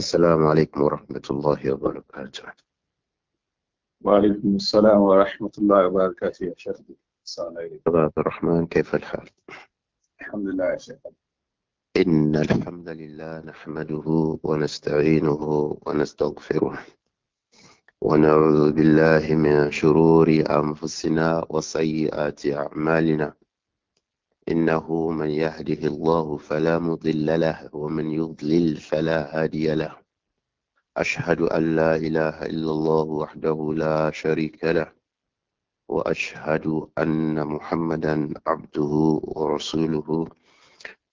السلام عليكم ورحمة الله وبركاته وعليكم السلام ورحمة الله وبركاته يا شيخ السلام عليكم عبد الرحمن كيف الحال؟ الحمد لله يا شيخ إن الحمد لله نحمده ونستعينه ونستغفره ونعوذ بالله من شرور أنفسنا وسيئات أعمالنا إنه من يهده الله فلا مضل له ومن يضلل فلا هادي له أشهد أن لا إله إلا الله وحده لا شريك له وأشهد أن محمدا عبده ورسوله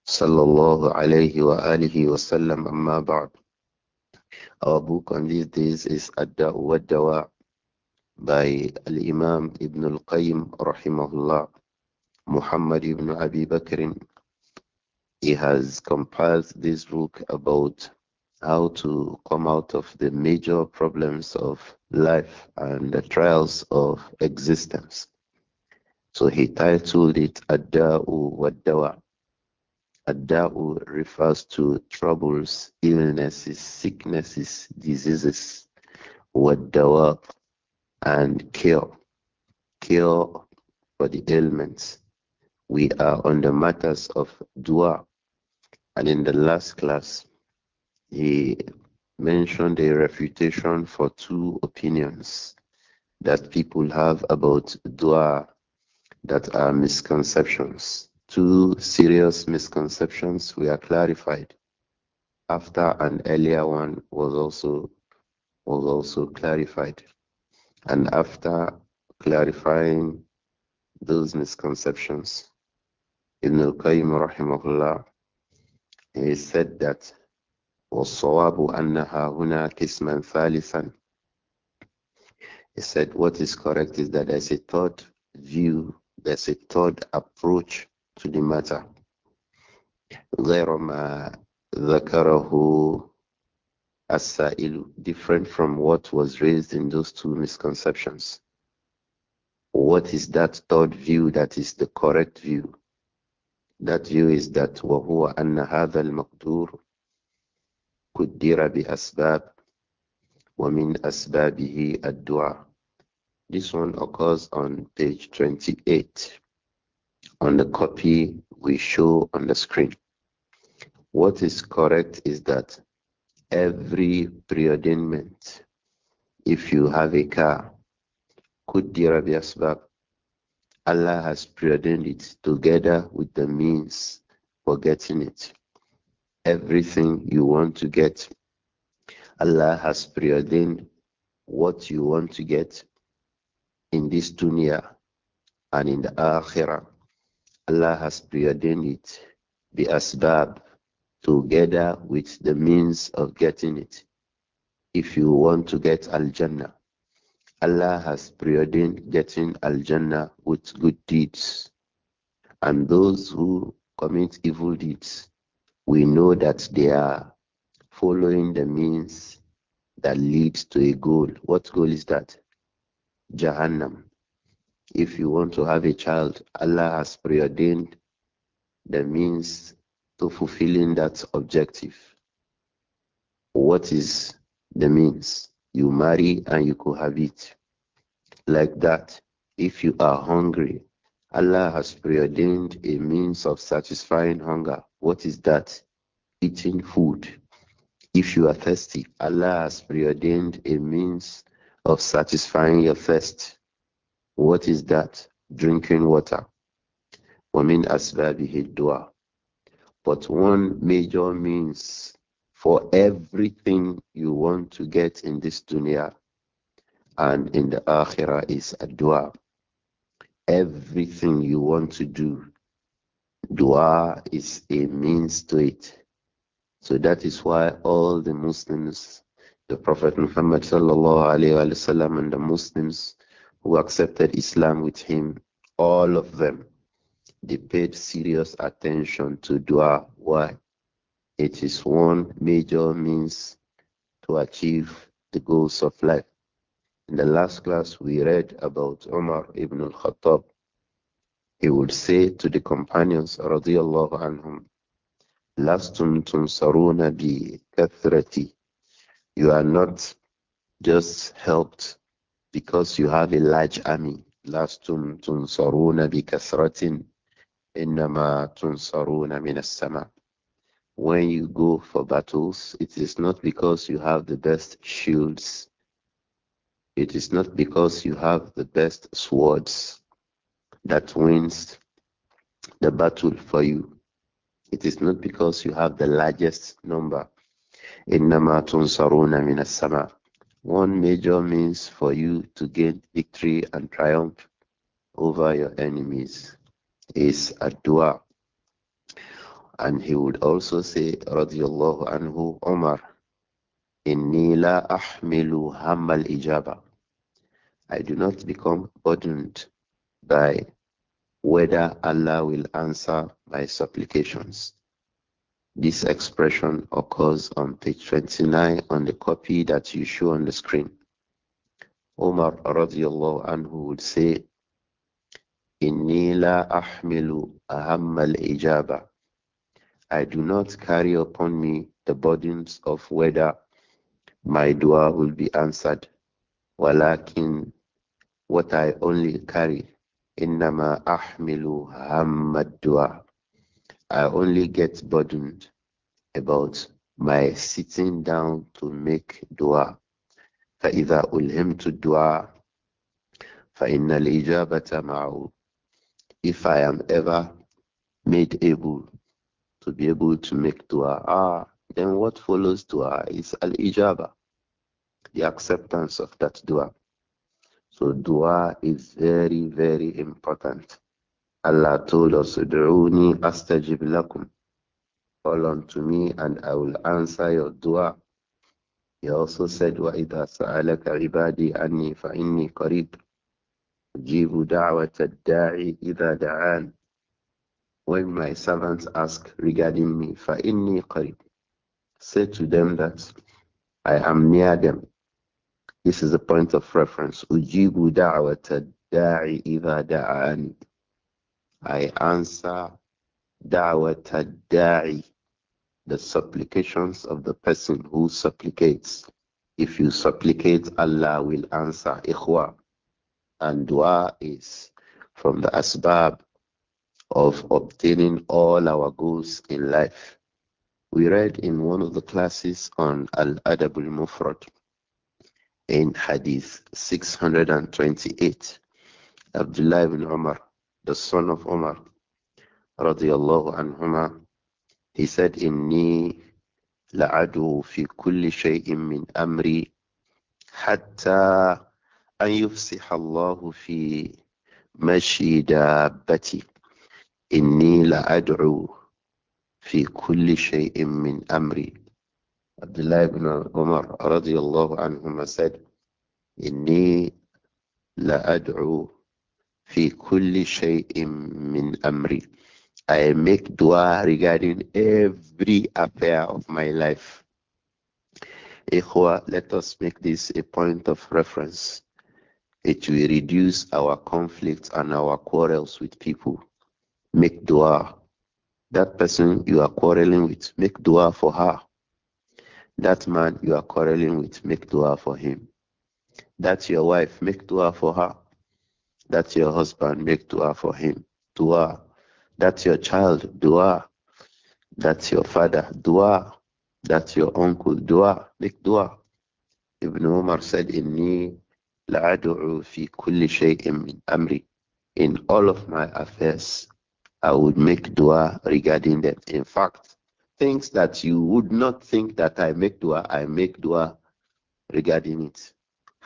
صلى الله عليه وآله وسلم أما بعد Our book on these days is Ad-Da'u by Al-Imam Ibn Al-Qayyim rahimahullah Muhammad ibn Abi Bakr. He has compiled this book about how to come out of the major problems of life and the trials of existence. So he titled it Adda'u Waddawa. Adda'u refers to troubles, illnesses, sicknesses, diseases, Waddawa, and cure. Cure for the ailments we are on the matters of dua. And in the last class, he mentioned a refutation for two opinions that people have about dua that are misconceptions. Two serious misconceptions were clarified after an earlier one was also was also clarified. And after clarifying those misconceptions, Ibn al-Qayyim rahimahullah, he said that والصواب أنها هنا قسما ثالثا He said what is correct is that there's a third view, there's a third approach to the matter. غير ما ذكره السائل different from what was raised in those two misconceptions. What is that third view that is the correct view? That view is that وهو أن هذا المقدور قدر بأسباب ومن أسبابه الدعاء This one occurs on page 28 on the copy we show on the screen. What is correct is that every preordainment, if you have a car, could be asbab, Allah has preordained it together with the means for getting it. Everything you want to get, Allah has preordained what you want to get in this dunya and in the akhirah. Allah has preordained it, the asbab, together with the means of getting it. If you want to get Al Jannah, Allah has preordained getting Al Jannah with good deeds. And those who commit evil deeds, we know that they are following the means that leads to a goal. What goal is that? Jahannam. If you want to have a child, Allah has preordained the means to fulfilling that objective. What is the means? you marry and you could have it Like that, if you are hungry, Allah has preordained a means of satisfying hunger. What is that? Eating food. If you are thirsty, Allah has preordained a means of satisfying your thirst. What is that? Drinking water. وَمِنْ أَسْبَابِهِ الدُّعَى But one major means for everything you want to get in this dunya and in the akhirah is a dua. Everything you want to do, dua is a means to it. So that is why all the Muslims, the Prophet Muhammad sallallahu alaihi wasallam and the Muslims who accepted Islam with him, all of them, they paid serious attention to dua. Why? It is one major means to achieve the goals of life. In the last class, we read about Umar ibn al-Khattab. He would say to the companions, radiyallahu anhum, Lastum tunsaruna bi kathrati. You are not just helped because you have a large army. Lastum tunsaruna bi kathratin. Innama tunsaruna min when you go for battles, it is not because you have the best shields, it is not because you have the best swords that wins the battle for you. It is not because you have the largest number. إنما تنصرون من One major means for you to gain victory and triumph over your enemies is a dua. And he would also say, radiallahu anhu, Umar, inni la ahmilu hammal ijaba. I do not become burdened by whether Allah will answer my supplications. This expression occurs on page 29 on the copy that you show on the screen. Umar radiallahu anhu would say, Inni la ahmilu ahammal ijaba. I do not carry upon me the burdens of whether my dua will be answered. Walakin, what I only carry, innama ahmilu hammad dua. I only get burdened about my sitting down to make dua. فإذا ألهمت الدعاء فإن الإجابة معه. If I am ever made able to be able to make dua. Ah, then what follows dua is al ijaba, the acceptance of that dua. So dua is very, very important. Allah told us, Du'uni astajib lakum. Call unto me and I will answer your dua. He also said, وَإِذَا سَأَلَكَ عِبَادِي أَنِّي فَإِنِّي قَرِيبٌ أُجِيبُ دَعْوَةَ الدَّاعِ إِذَا دَعَانِ when my servants ask regarding me, فَإِنِّي قَرِيبٌ Say to them that I am near them. This is a point of reference. أُجِيبُ دَعْوَةَ الدَّاعِ إِذَا دَعَانِ I answer دَعْوَةَ الدَّاعِ The supplications of the person who supplicates. If you supplicate, Allah will answer. إخوة. And dua is from the asbab of obtaining all our goals in life. We read in one of the classes on Al Adabul Mufrad in Hadith 628. Abdullah ibn Umar, the son of Umar, radiallahu anhuma, he said, Inni لعدو fi kulli شيء من أمري حتى أن يفسح الله في مشي دابتي إني لأدعو في كل شيء من أمري عبد الله بن عمر رضي الله عنهما said إني لأدعو في كل شيء من أمري I make dua regarding every affair of my life. Ikhwa, let us make this a point of reference. It will reduce our conflicts and our quarrels with people make dua. That person you are quarreling with, make dua for her. That man you are quarreling with, make dua for him. That's your wife, make dua for her. That's your husband, make dua for him. Dua. That's your child, dua. That's your father, dua. That's your uncle, dua. Make dua. Ibn Umar said, Inni la'adu'u fi kulli shay'in min amri. In all of my affairs, I would make dua regarding them. In fact, things that you would not think that I make dua, I make dua regarding it.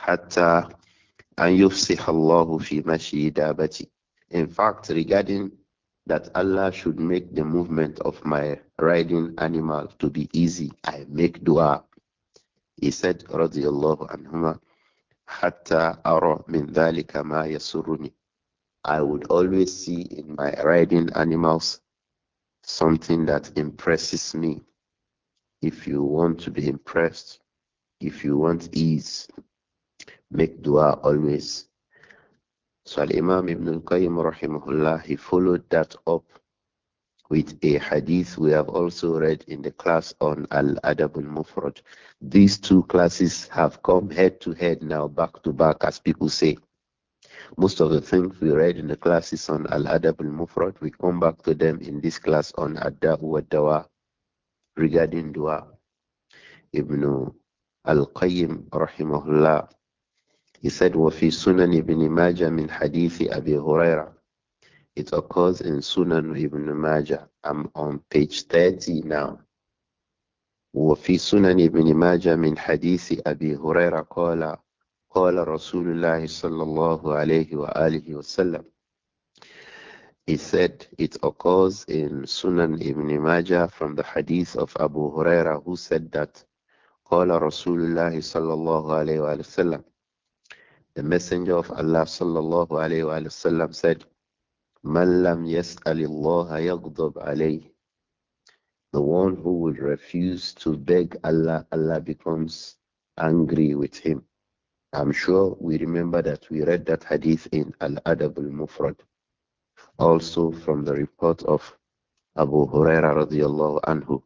Hatta an Allahu fi mashi In fact, regarding that Allah should make the movement of my riding animal to be easy, I make dua. He said, الله anhuma, hatta ara min dhalika ma yasuruni. I would always see in my riding animals something that impresses me. If you want to be impressed, if you want ease, make dua always. So Al Imam Ibn Qayyim rahimahullah he followed that up with a hadith we have also read in the class on Al Adab Al Mufrad. These two classes have come head to head now, back to back, as people say. Most of the things we read in the classes on Al-Adab al-Mufrad, we come back to them in this class on Ad-Da'u wa dawa regarding dua. Ibn Al-Qayyim rahimahullah, he said, وَفِي Sunan ibn Majah min hadithi Abi Huraira. It occurs in Sunan ibn Majah. I'm on page 30 now. وفي سنن ابن ماجه من حديث أبي هريرة قال قال رسول الله صلى الله عليه وآله وسلم He said it occurs in Sunan Ibn Majah from the hadith of Abu Huraira who said that قال رسول الله صلى الله عليه وآله وسلم The messenger of Allah صلى الله عليه وآله وسلم said من لم يسأل الله يغضب عليه The one who will refuse to beg Allah, Allah becomes angry with him. I'm sure we remember that we read that hadith in Al Adab al Mufrad, also from the report of Abu Huraira radiallahu anhu,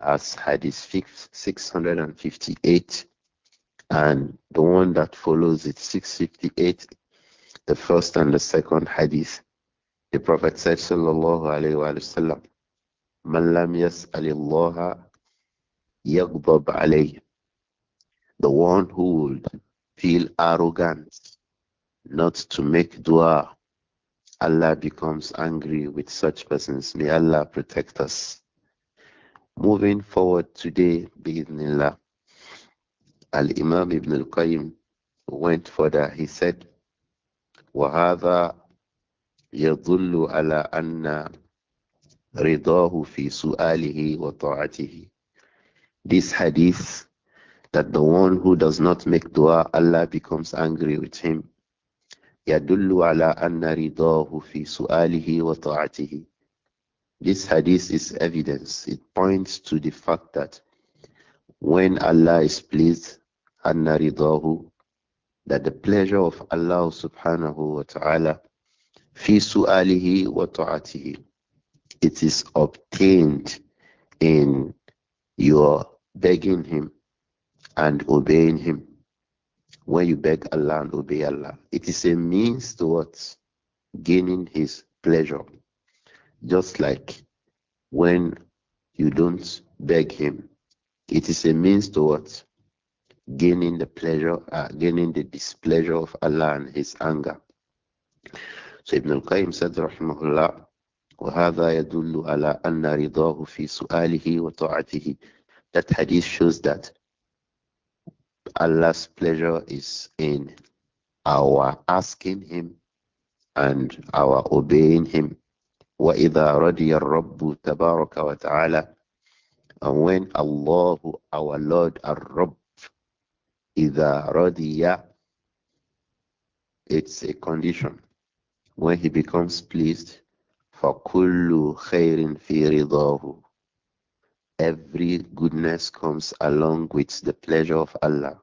as hadith 658, and the one that follows it, 658, the first and the second hadith. The Prophet said, Sallallahu Alaihi Wasallam, Man lam yas'alillaha yaghdab alayhi. The one who would feel arrogant not to make dua. Allah becomes angry with such persons. May Allah protect us. Moving forward today, Bismillah. Al-Imam Ibn Al-Qayyim went further. He said, وَهَذَا ala anna ridahu fi فِي wa وَطَاعَتِهِ This hadith that the one who does not make dua, Allah becomes angry with him. This hadith is evidence. It points to the fact that when Allah is pleased, that the pleasure of Allah subhanahu wa ta'ala fi su'alihi wa ta'atihi it is obtained in your begging him and obeying Him. When you beg Allah and obey Allah, it is a means towards gaining His pleasure. Just like when you don't beg Him, it is a means towards gaining the pleasure, uh, gaining the displeasure of Allah and His anger. So Ibn al-Qayyim said, rahimahullah, وهذا يدل على أن رضاه في سؤاله وطاعته. That hadith shows that Allah's pleasure is in our asking Him and our obeying Him. وَإِذَا رَضِيَ الرَّبُّ تَبَارَكَ وَتَعَالَى And when Allah, our Lord, our Rabb, إِذَا رَضِيَ It's a condition. When He becomes pleased, فَكُلُّ خَيْرٍ فِي رِضَاهُ every goodness comes along with the pleasure of Allah.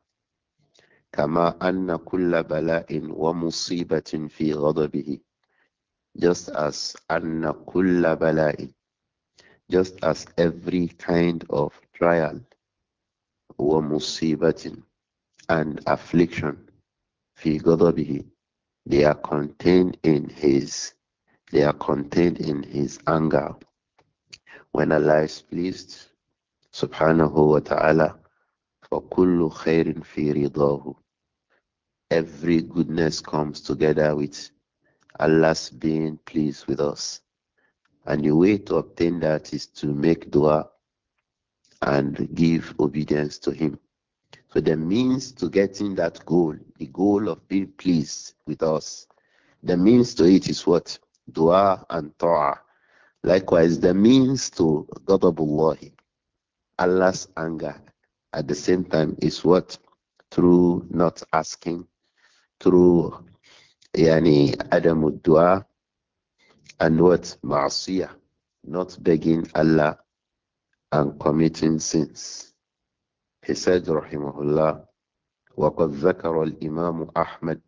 كما أن كل بلاء ومصيبة في غضبه just as أن كل بلاء just as every kind of trial ومصيبة and affliction في غضبه they are contained in his they are contained in his anger when Allah is pleased subhanahu wa ta'ala فَكُلُّ خَيْرٍ فِي رِضَاهُ Every goodness comes together with Allah's being pleased with us. And the way to obtain that is to make dua and give obedience to Him. So the means to getting that goal, the goal of being pleased with us, the means to it is what? Dua and ta'a. Likewise, the means to Ghadabullahi, Allah's anger at the same time is what? Through not asking, through yani Adam dua and what? Ma'asiyah, not begging Allah and committing sins. He said, Rahimahullah, وقد ذكر الإمام أحمد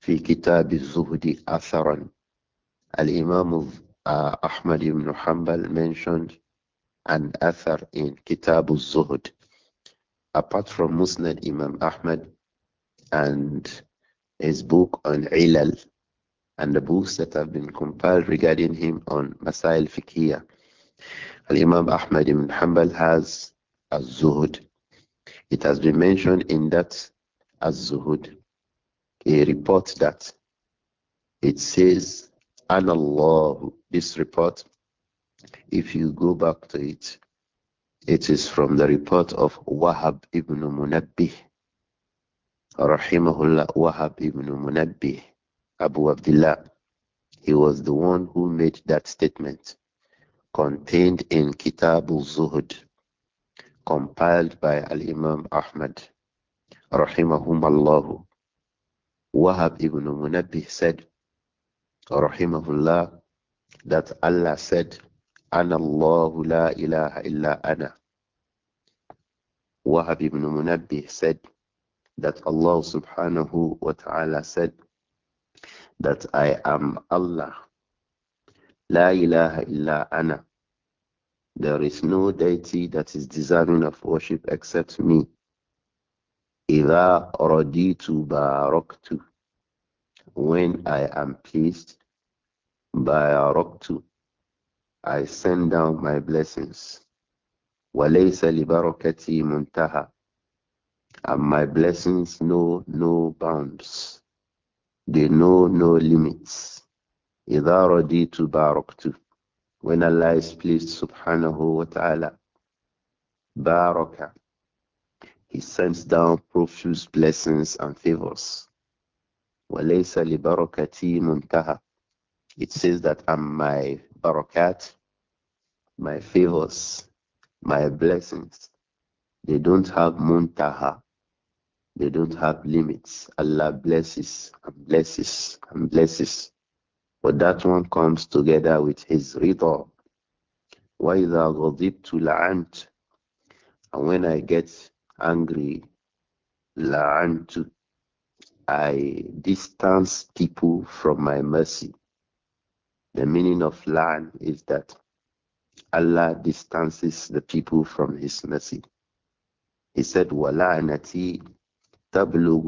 في كتاب الزهد أثرا الإمام Imam Ahmad ibn Hanbal mentioned an author in Kitab al-Zuhud. Apart from Musnad Imam Ahmad and his book on Ilal and the books that have been compiled regarding him on Masail Fiqhiyah, imam Ahmad ibn Hanbal has al-Zuhud. It has been mentioned in that al-Zuhud, a report that it says, Allah," this report if you go back to it, it is from the report of Wahab ibn Munabbih. Rahimahullah Wahab ibn Munabbih, Abu Abdullah. He was the one who made that statement contained in Kitabul Zuhud, compiled by Al Imam Ahmad. Rahimahumallahu. Wahab ibn Munabbih said, Rahimahullah, that Allah said, أنا الله لا إله إلا أنا Wahab ibn Munabbih said that Allah subhanahu wa ta'ala said that I am Allah. La ilaha illa ana. There is no deity that is deserving of worship except me. Ila raditu baraktu. When I am pleased, baraktu. I send down my blessings. وَلَيْسَ لِبَرَكَتِي مُنْتَهَا And my blessings know no bounds. They know no limits. إِذَا رَدِيتُ بَارَكْتُ When Allah is pleased, subhanahu wa ta'ala, baraka. He sends down profuse blessings and favors. وَلَيْسَ لِبَرَكَتِي مُنْتَهَا It says that am my barakat my favors, my blessings. They don't have muntaha. They don't have limits. Allah blesses and blesses and blesses. But that one comes together with His rida. وَإِذَا غَضِبْتُ لَعَنْتُ And when I get angry, لَعَنْتُ I distance people from my mercy. The meaning of lan is that Allah distances the people from His mercy. He said, وَلَعْنَتِي تَبْلُغُ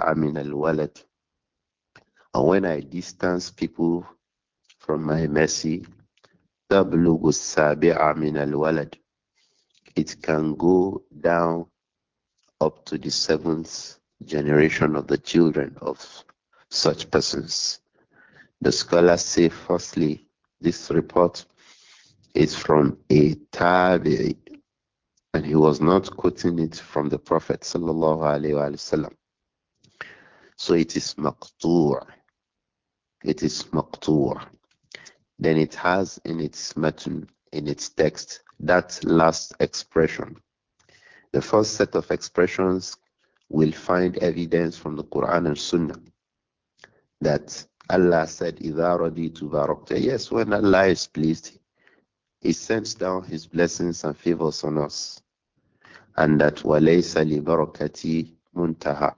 amin al walad." And when I distance people from my mercy, تَبْلُغُ amin al walad. It can go down up to the seventh generation of the children of such persons. The scholars say, firstly, this report is from a tabi, And he was not quoting it from the Prophet sallallahu alaihi wasallam. So it is maqtu'. It is maqtu'. Then it has in its matn, in its text, that last expression. The first set of expressions will find evidence from the Quran and Sunnah that Allah said, إِذَا رَضِيتُ بَارَكْتَ Yes, when Allah is pleased, he sends down His blessings and favors on us. And that walaysa li barakati muntaha.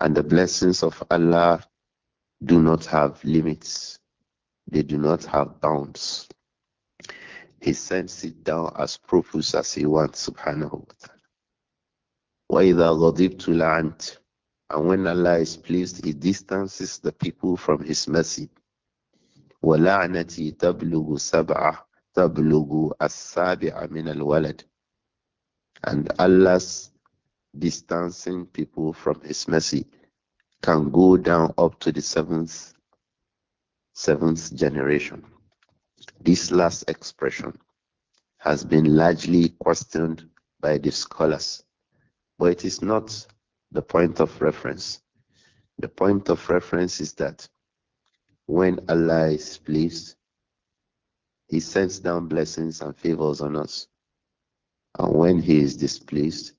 And the blessings of Allah do not have limits. They do not have bounds. He sends it down as profuse as He wants, subhanahu wa ta'ala. وَإِذَا غَضِبْتُ لَعَنْتُ and when Allah is pleased, He distances the people from His mercy. وَلَعْنَتِي تَبْلُغُ سَبْعَةً tablugu as-sabi'a min al-walad. And Allah's distancing people from His mercy can go down up to the seventh, seventh generation. This last expression has been largely questioned by the scholars, but it is not the point of reference. The point of reference is that when Allah is pleased, he sends down blessings and favors on us. And when he is displeased,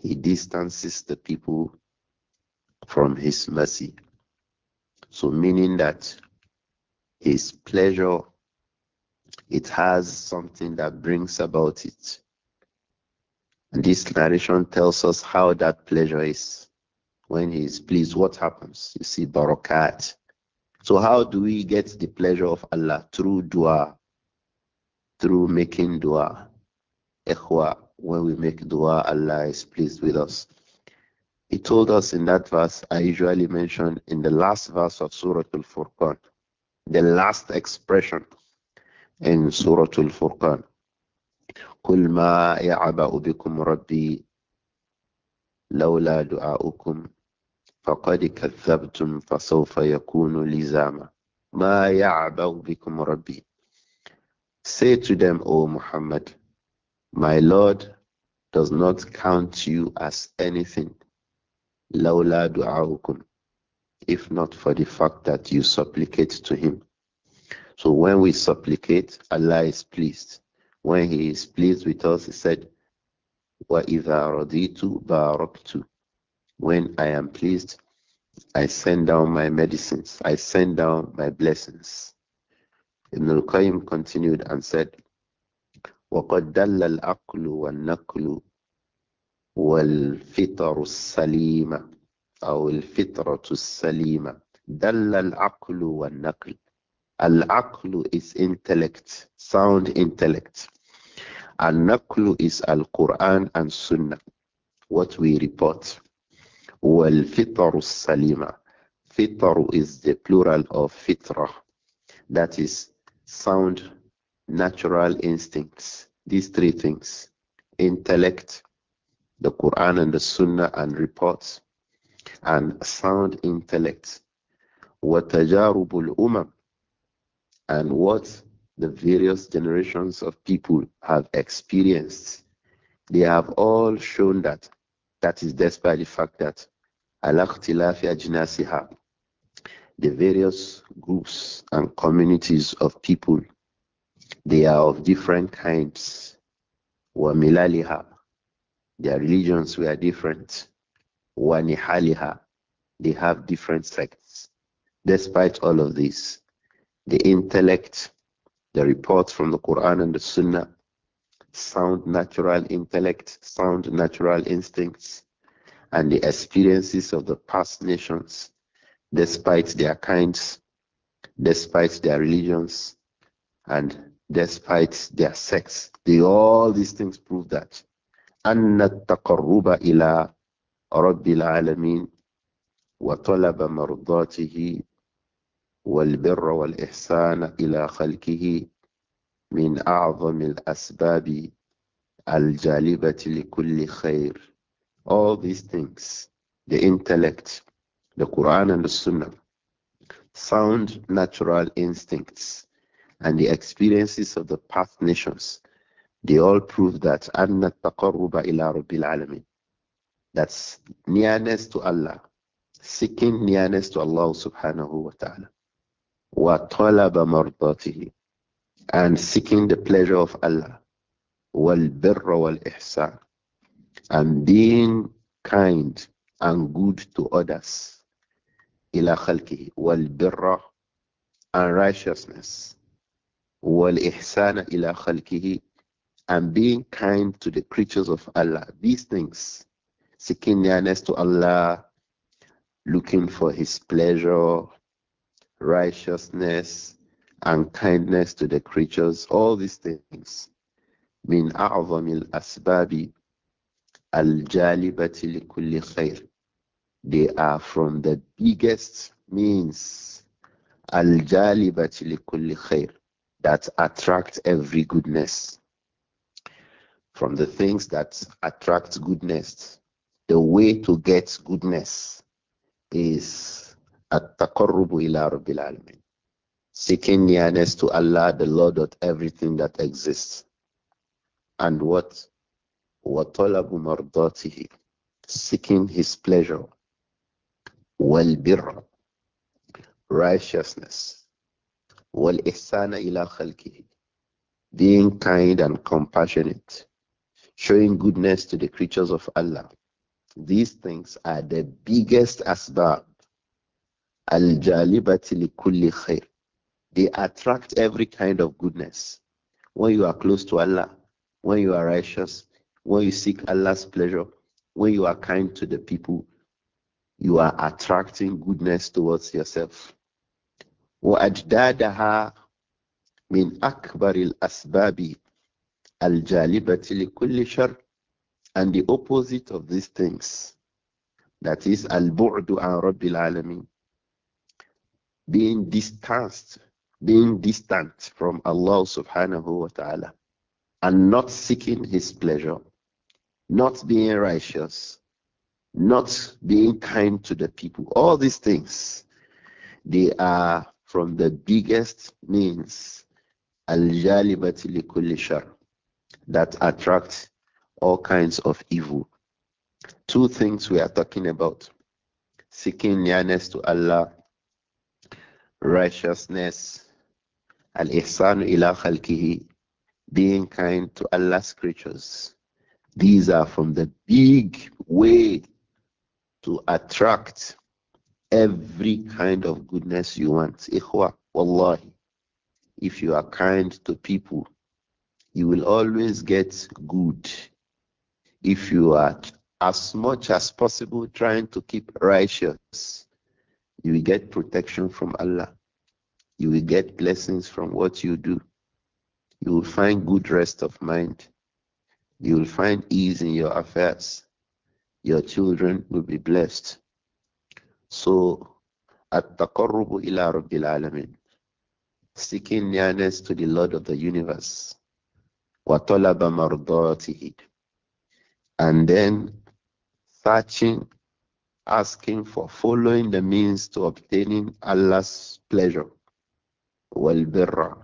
he distances the people from his mercy. So, meaning that his pleasure, it has something that brings about it. And this narration tells us how that pleasure is. When he is pleased, what happens? You see, barakat. So, how do we get the pleasure of Allah? Through dua through making dua. Ikhwa, when we make dua, Allah is pleased with us. He told us in that verse I usually mention in the last verse of Surah Al Furqan, the last expression in Surah Al Furqan. قل ما يعبأ بكم ربي لولا دعاؤكم فقد كذبتم فسوف يكون لزاما ما يعبأ بكم ربي Say to them, O Muhammad, my Lord does not count you as anything. Laula du'aukum, if not for the fact that you supplicate to him. So when we supplicate, Allah is pleased. When He is pleased with us, He said, وَإِذَا tu بَارَكْتُ When I am pleased, I send down my medicines, I send down my blessings. Ibn al-Qayyim continued and said, وَقَدْ دَلَّ الْعَقْلُ وَالنَّقْلُ وَالْفِطَرُ السَّلِيمَ أو الفطرة السليمة دل العقل والنقل العقل is intellect sound intellect النقل is القرآن and Sunnah what we report والفطر السليمة فطر is the plural of fitra that is sound natural instincts, these three things intellect, the Quran and the Sunnah and reports, and sound intellect. وَتَجَارُبُ الْأُمَمِ And what the various generations of people have experienced, they have all shown that. That is despite the fact that al jinasiha the various groups and communities of people. They are of different kinds. Wamilaliha, Their religions were different. وَنِحَالِهَا They have different sects. Despite all of this, the intellect, the reports from the Quran and the Sunnah, sound natural intellect, sound natural instincts, and the experiences of the past nations despite their kinds, despite their religions, and despite their sex. They, all these things prove that. والبر والإحسان إلى خلقه من أعظم الأسباب الجالبة لكل خير. All these things, the intellect, the Quran and the Sunnah, sound natural instincts, and the experiences of the past nations, they all prove that anna ila That's nearness to Allah, seeking nearness to Allah subhanahu wa ta'ala. Wa talaba and seeking the pleasure of Allah. Wal birra wal and being kind and good to others. إلى خلقه والبر and righteousness والإحسان إلى خلقه and being kind to the creatures of Allah. These things, seeking nearness to Allah, looking for His pleasure, righteousness, and kindness to the creatures, all these things. من أعظم الأسباب الجالبة لكل خير they are from the biggest means al-jalibati li kulli khair that attract every goodness. From the things that attract goodness, the way to get goodness is at ila rabbil alamin. Seeking nearness to Allah, the Lord of everything that exists. And what? وَطَلَبُ Seeking His pleasure. والبر righteousness والإحسان إلى خلقه being kind and compassionate showing goodness to the creatures of Allah these things are the biggest asbab al-jalibati likulli they attract every kind of goodness when you are close to Allah when you are righteous when you seek Allah's pleasure when you are kind to the people you are attracting goodness towards yourself. وأجدادها من أكبر الأسباب الجالبة لكل شر and the opposite of these things that is البعد عن رب العالمين being distanced being distant from Allah subhanahu wa ta'ala and not seeking his pleasure not being righteous not being kind to the people. All these things, they are from the biggest means that attract all kinds of evil. Two things we are talking about seeking nearness to Allah, righteousness, al ihsan ila khalqihi, being kind to Allah's creatures. These are from the big way to attract every kind of goodness you want. If you are kind to people, you will always get good. If you are as much as possible trying to keep righteous, you will get protection from Allah. You will get blessings from what you do. You will find good rest of mind. You will find ease in your affairs your children will be blessed. So, at taqarrubu ila rabbil alamin, seeking nearness to the Lord of the universe, wa talaba mardatihi, and then searching, asking for following the means to obtaining Allah's pleasure, wal birra,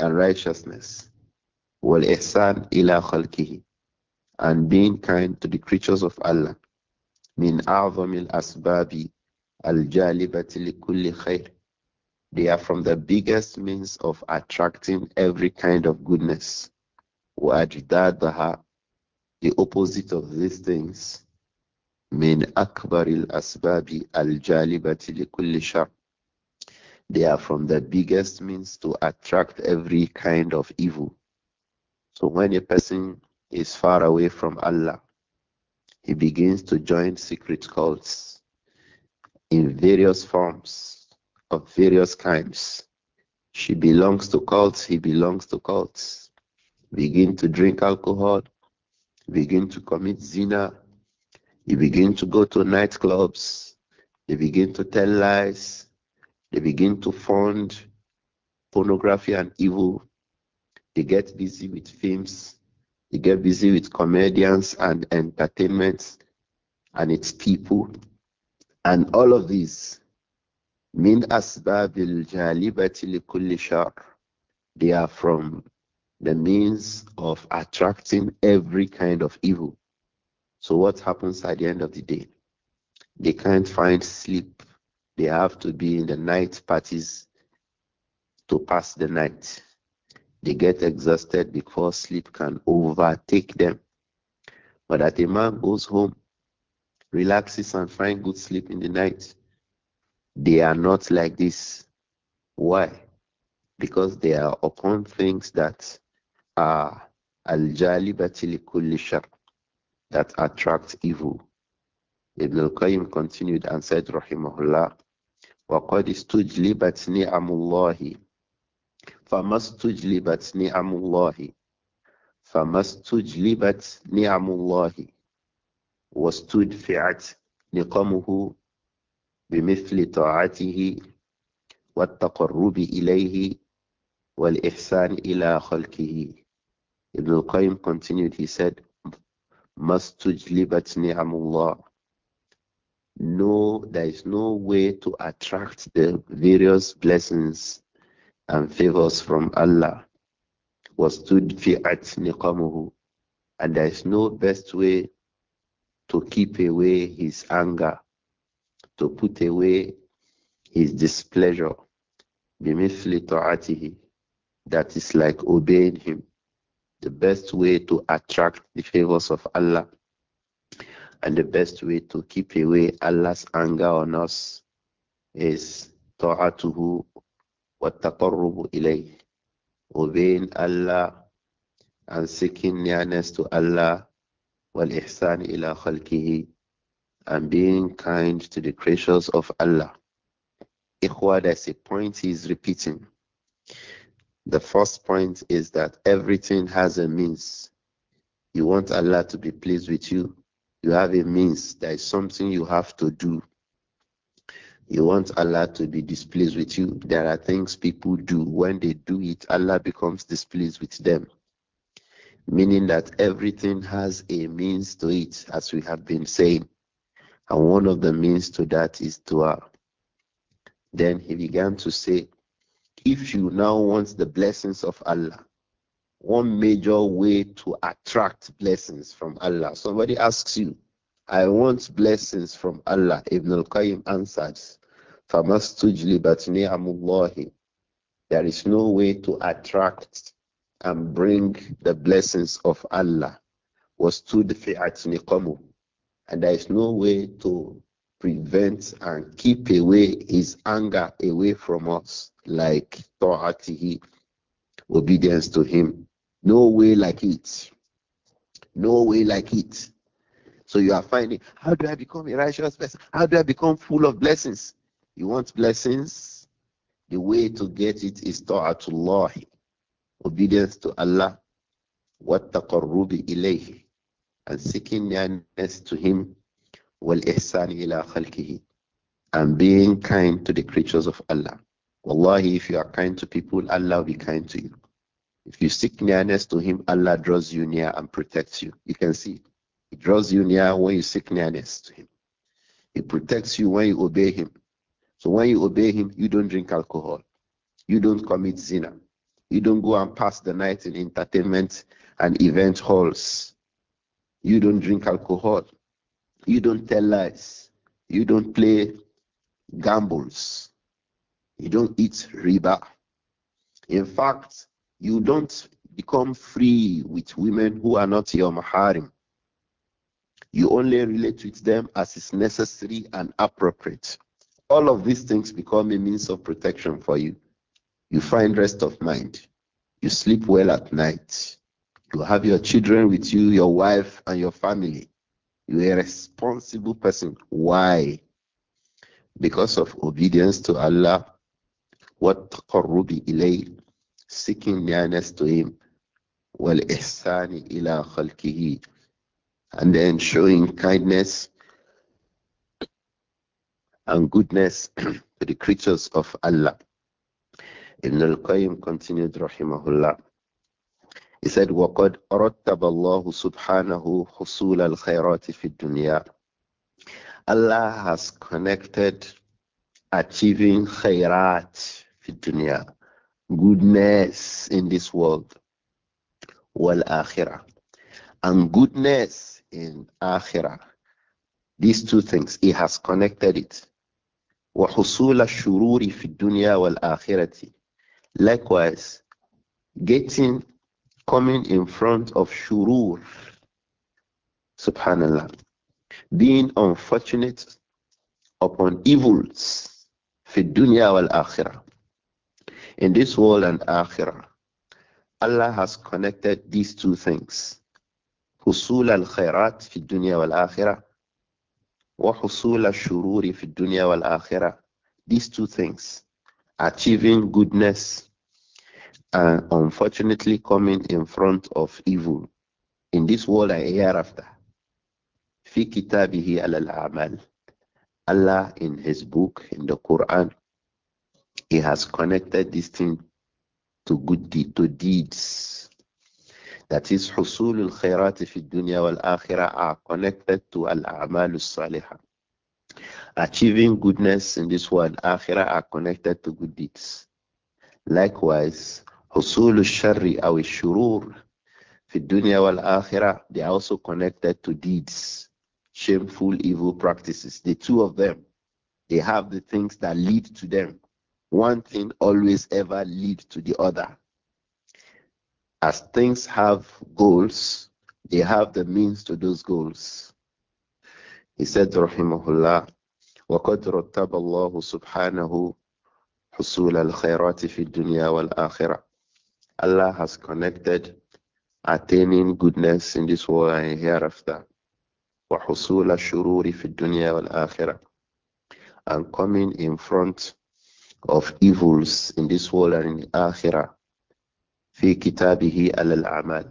and righteousness, wal ihsan ila khalqihi, and being kind to the creatures of Allah. Min a'zamil asbabi al-jalibati likulli khair. They are from the biggest means of attracting every kind of goodness. the opposite of these things. Min akbaril asbabi al-jalibati likulli shar. They are from the biggest means to attract every kind of evil. So when a person is far away from Allah, he begins to join secret cults in various forms of various kinds. She belongs to cults, he belongs to cults. Begin to drink alcohol, begin to commit zina, He begin to go to nightclubs, they begin to tell lies, they begin to fund pornography and evil, they get busy with films, they get busy with comedians and entertainments and its people. And all of these, min asbabil jalibati likulli shar, they are from the means of attracting every kind of evil. So what happens at the end of the day? They can't find sleep. They have to be in the night parties to pass the night. They get exhausted before sleep can overtake them. But that a man goes home, relaxes, and finds good sleep in the night, they are not like this. Why? Because they are upon things that are al that attract evil. Ibn al-Qayyim continued and said, rahimahullah, وَقَدْ اسْتُجْلِبَتْ نِعَمُ اللَّهِ فَمَسْتُجْلِبَتْ نِعَمُ اللَّهِ فَمَسْتُجْلِبَتْ نِعَمُ اللَّهِ وَاسْتُدْفِعَتْ نِقَمُهُ بمثل طاعته والتقرب إليه والإحسان إلى خلقه Ibn al-Qayyim continued, he said, Mastujlibat ni'amullah. No, there is no way to attract the various blessings and favors from Allah was stood fi'at niqamuhu and there is no best way to keep away his anger to put away his displeasure bimithli ta'atihi that is like obeying him the best way to attract the favors of Allah and the best way to keep away Allah's anger on us is ta'atuhu وَالتَّقَرُّبُ إِلَيْهِ Obeying Allah and seeking nearness to Allah وَالْإِحْسَانِ إِلَى خَلْقِهِ and being kind to the creatures of Allah. Ikhwa, there's a point he's repeating. The first point is that everything has a means. You want Allah to be pleased with you, you have a means. There is something you have to do. You want Allah to be displeased with you. There are things people do. When they do it, Allah becomes displeased with them. Meaning that everything has a means to it, as we have been saying. And one of the means to that is dua. Then he began to say, if you now want the blessings of Allah, one major way to attract blessings from Allah. Somebody asks you, I want blessings from Allah. Ibn al Qayyim answers, There is no way to attract and bring the blessings of Allah. Was And there is no way to prevent and keep away his anger away from us, like ta'atihi, obedience to him. No way like it. No way like it. So you are finding, how do I become a righteous person? How do I become full of blessings? You want blessings? The way to get it is ta'atullah, obedience to Allah, what taqarrubi ilayhi, and seeking nearness to Him, wal ihsan ila khalqihi, and being kind to the creatures of Allah. Wallahi, if you are kind to people, Allah will be kind to you. If you seek nearness to Him, Allah draws you near and protects you. You can see. He draws you near when you seek nearness to Him. He protects you when you obey Him. So when you obey Him, you don't drink alcohol. You don't commit zina. You don't go and pass the night in entertainment and event halls. You don't drink alcohol. You don't tell lies. You don't play gambles. You don't eat riba. In fact, you don't become free with women who are not your maharim. You only relate with them as is necessary and appropriate. All of these things become a means of protection for you. You find rest of mind. You sleep well at night. You have your children with you, your wife, and your family. You are a responsible person. Why? Because of obedience to Allah, what taqarrubi ilay, seeking nearness to Him, wal ihsani ila khalkihi, and then showing kindness and goodness to the creatures of Allah. Ibn al-Qayyim continued, rahimahullah. He said, وَقَدْ أَرَتَّبَ اللَّهُ سُبْحَانَهُ حُصُولَ الْخَيْرَاتِ فِي الدُّنْيَا Allah has connected achieving khairat fi dunya, goodness in this world, wal akhirah. And goodness in akhirah. These two things, he has connected it. وحصول الشرور في الدنيا والآخرة. Likewise, getting, coming in front of shurur, subhanallah, being unfortunate upon evils في الدنيا والآخرة. In this world and akhirah, Allah has connected these two things. حصول الخيرات في الدنيا والآخرة وحصول الشرور في الدنيا والآخرة these two things achieving goodness and unfortunately coming in front of evil in this world and hereafter في كتابه على الأعمال Allah in his book in the Quran he has connected this thing to good de to deeds that is, حصول الخيرات في الدنيا والآخرة are connected to al الصالحة. salihah Achieving goodness in this world, آخرة are connected to good deeds. Likewise, حصول الشر أو الشرور في الدنيا والآخرة, they are also connected to deeds, shameful evil practices. The two of them, they have the things that lead to them. One thing always ever leads to the other. As things have goals, they have the means to those goals. He said, Rahimahullah, وقد رتب الله سبحانه حصول الخيرات في الدنيا والآخرة. Allah has connected attaining goodness in this world and hereafter. وحصول الشرور في الدنيا والآخرة. And coming in front of evils in this world and in the Akhirah fi kitabihi al amal.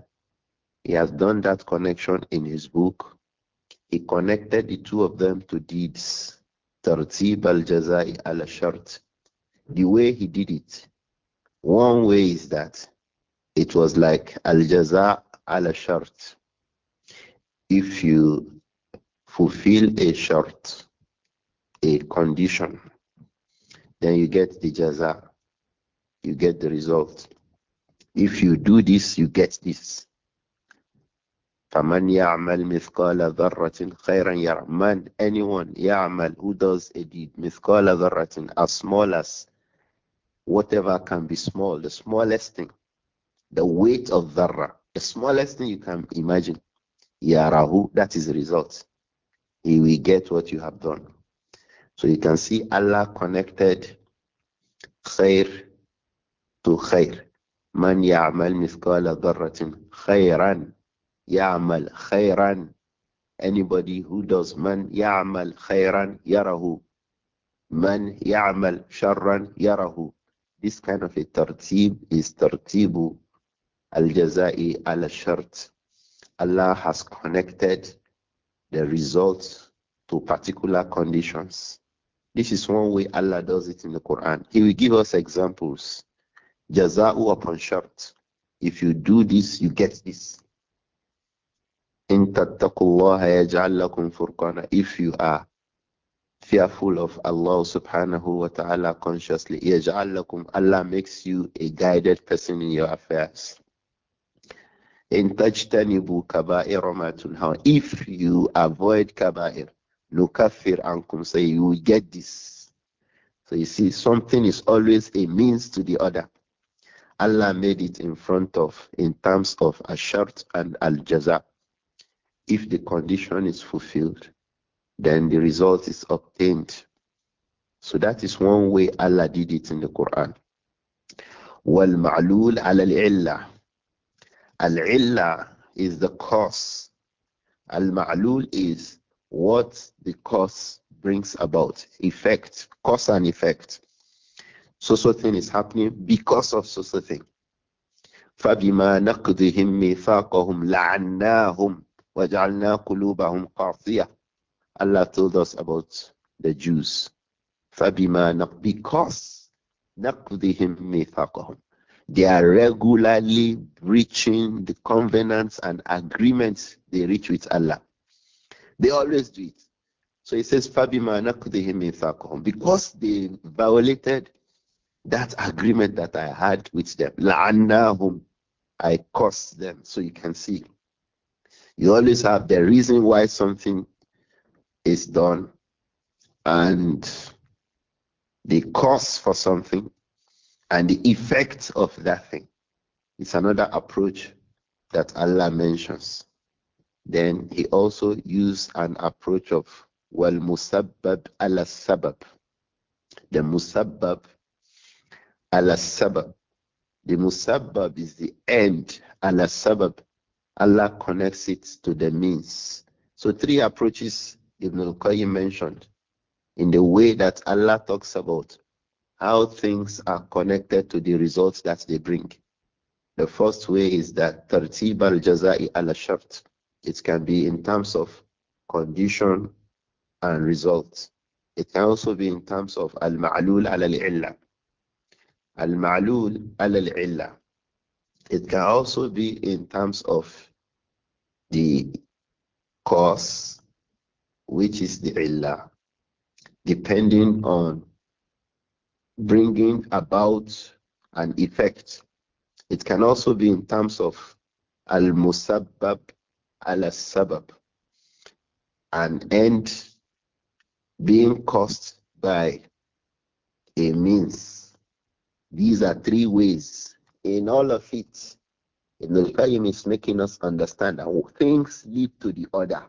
He has done that connection in his book. He connected the two of them to deeds. Tartib al jazai al shart. The way he did it, one way is that it was like al jaza al shart. If you fulfill a shart, a condition, then you get the jaza, you get the result. If you do this, you get this. فَمَنْ يَعْمَلْ مِثْقَالَ ذَرَّةٍ خَيْرًا يَعْمَلْ Anyone, يَعْمَلْ, who does a deed, مِثْقَالَ ذَرَّةٍ, as small as, whatever can be small, the smallest thing, the weight of ذرة, the smallest thing you can imagine, yarahu, that is the result. He will get what you have done. So you can see Allah connected خير to خير. من يعمل مثقال ذرة خيرا يعمل خيرا anybody who does man يعمل خيرا يره من يعمل شرا يره this kind of a ترتيب is ترتيب al-jazai al Allah has connected the results to particular conditions this is one way Allah does it in the Quran he will give us examples Jaza'u upon shart. If you do this, you get this. If you are fearful of Allah subhanahu wa ta'ala consciously, Allah makes you a guided person in your affairs. If you avoid kaba'ir, nukafir ankum. say you will get this. So you see, something is always a means to the other. Allah made it in front of in terms of ashart and al jaza. If the condition is fulfilled, then the result is obtained. So that is one way Allah did it in the Quran. Wal ma'alul al illah Al is the cause. Al ma'lul is what the cause brings about, effect, cause and effect so so thing is happening because of so so thing. فبما نقضهم ميثاقهم لعناهم وجعلنا قلوبهم قاسية. Allah told us about the Jews. فبما because نقضهم ميثاقهم. They are regularly breaching the covenants and agreements they reach with Allah. They always do it. So he says, فَبِمَا نَقْضِهِمْ مِيثَاقَهُمْ Because they violated that agreement that I had with them. لَعَنَّاهُمْ I curse them. So you can see. You always have the reason why something is done and the cause for something and the effect of that thing. It's another approach that Allah mentions. Then he also used an approach of wal musabbab ala sabab. The musabbab ala sabab. The musabab is the end, ala sabab. Allah connects it to the means. So three approaches Ibn al-Qayyim mentioned in the way that Allah talks about how things are connected to the results that they bring. The first way is that tartib al-jazai al-shart. It can be in terms of condition and result. It can also be in terms of al-ma'lul al Al-ma'lul al-illa. It can also be in terms of the cause, which is the illa, depending on bringing about an effect. It can also be in terms of al-musabbab al-sabab, an end being caused by a means these are three ways. In all of it, Ibn is making us understand that things lead to the other.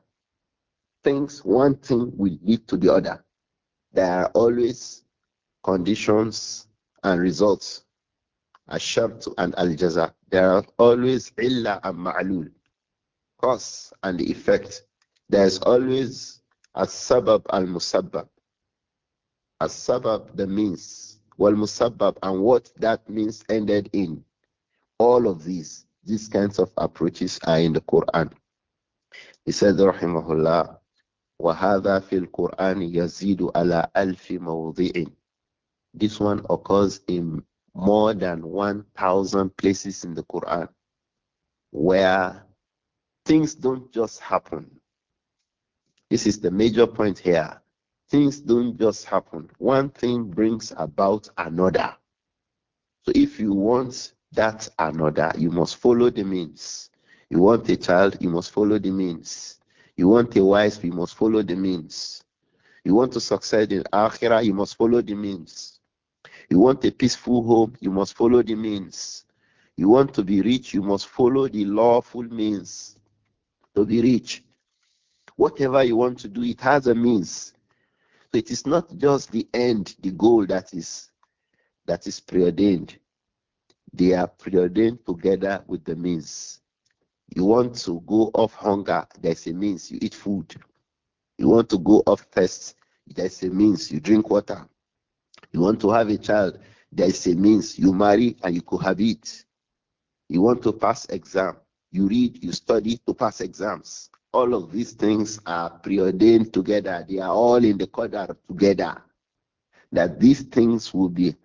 Things, one thing will lead to the other. There are always conditions and results. Ashart and Al Jaza. There are always illa and ma'lul. Cause and effect. There is always a sabab al musabbab. A sabab, the means wal musabbab and what that means ended in. All of these, these kinds of approaches are in the Quran. He said, Rahimahullah, وَهَذَا فِي الْقُرْآنِ يَزِيدُ عَلَى أَلْفِ مَوْضِعٍ This one occurs in more than 1,000 places in the Quran where things don't just happen. This is the major point here. Things don't just happen. One thing brings about another. So if you want that another, you must follow the means. You want a child, you must follow the means. You want a wife, you must follow the means. You want to succeed in Akhira, you must follow the means. You want a peaceful home, you must follow the means. You want to be rich, you must follow the lawful means to be rich. Whatever you want to do, it has a means it is not just the end, the goal that is that is preordained. They are preordained together with the means. You want to go off hunger, there's a means, you eat food. You want to go off thirst, there's a means, you drink water. You want to have a child, there's a means, you marry and you it. You want to pass exam, you read, you study to pass exams. All of these things are preordained together. They are all in the Qadar together. That these things will be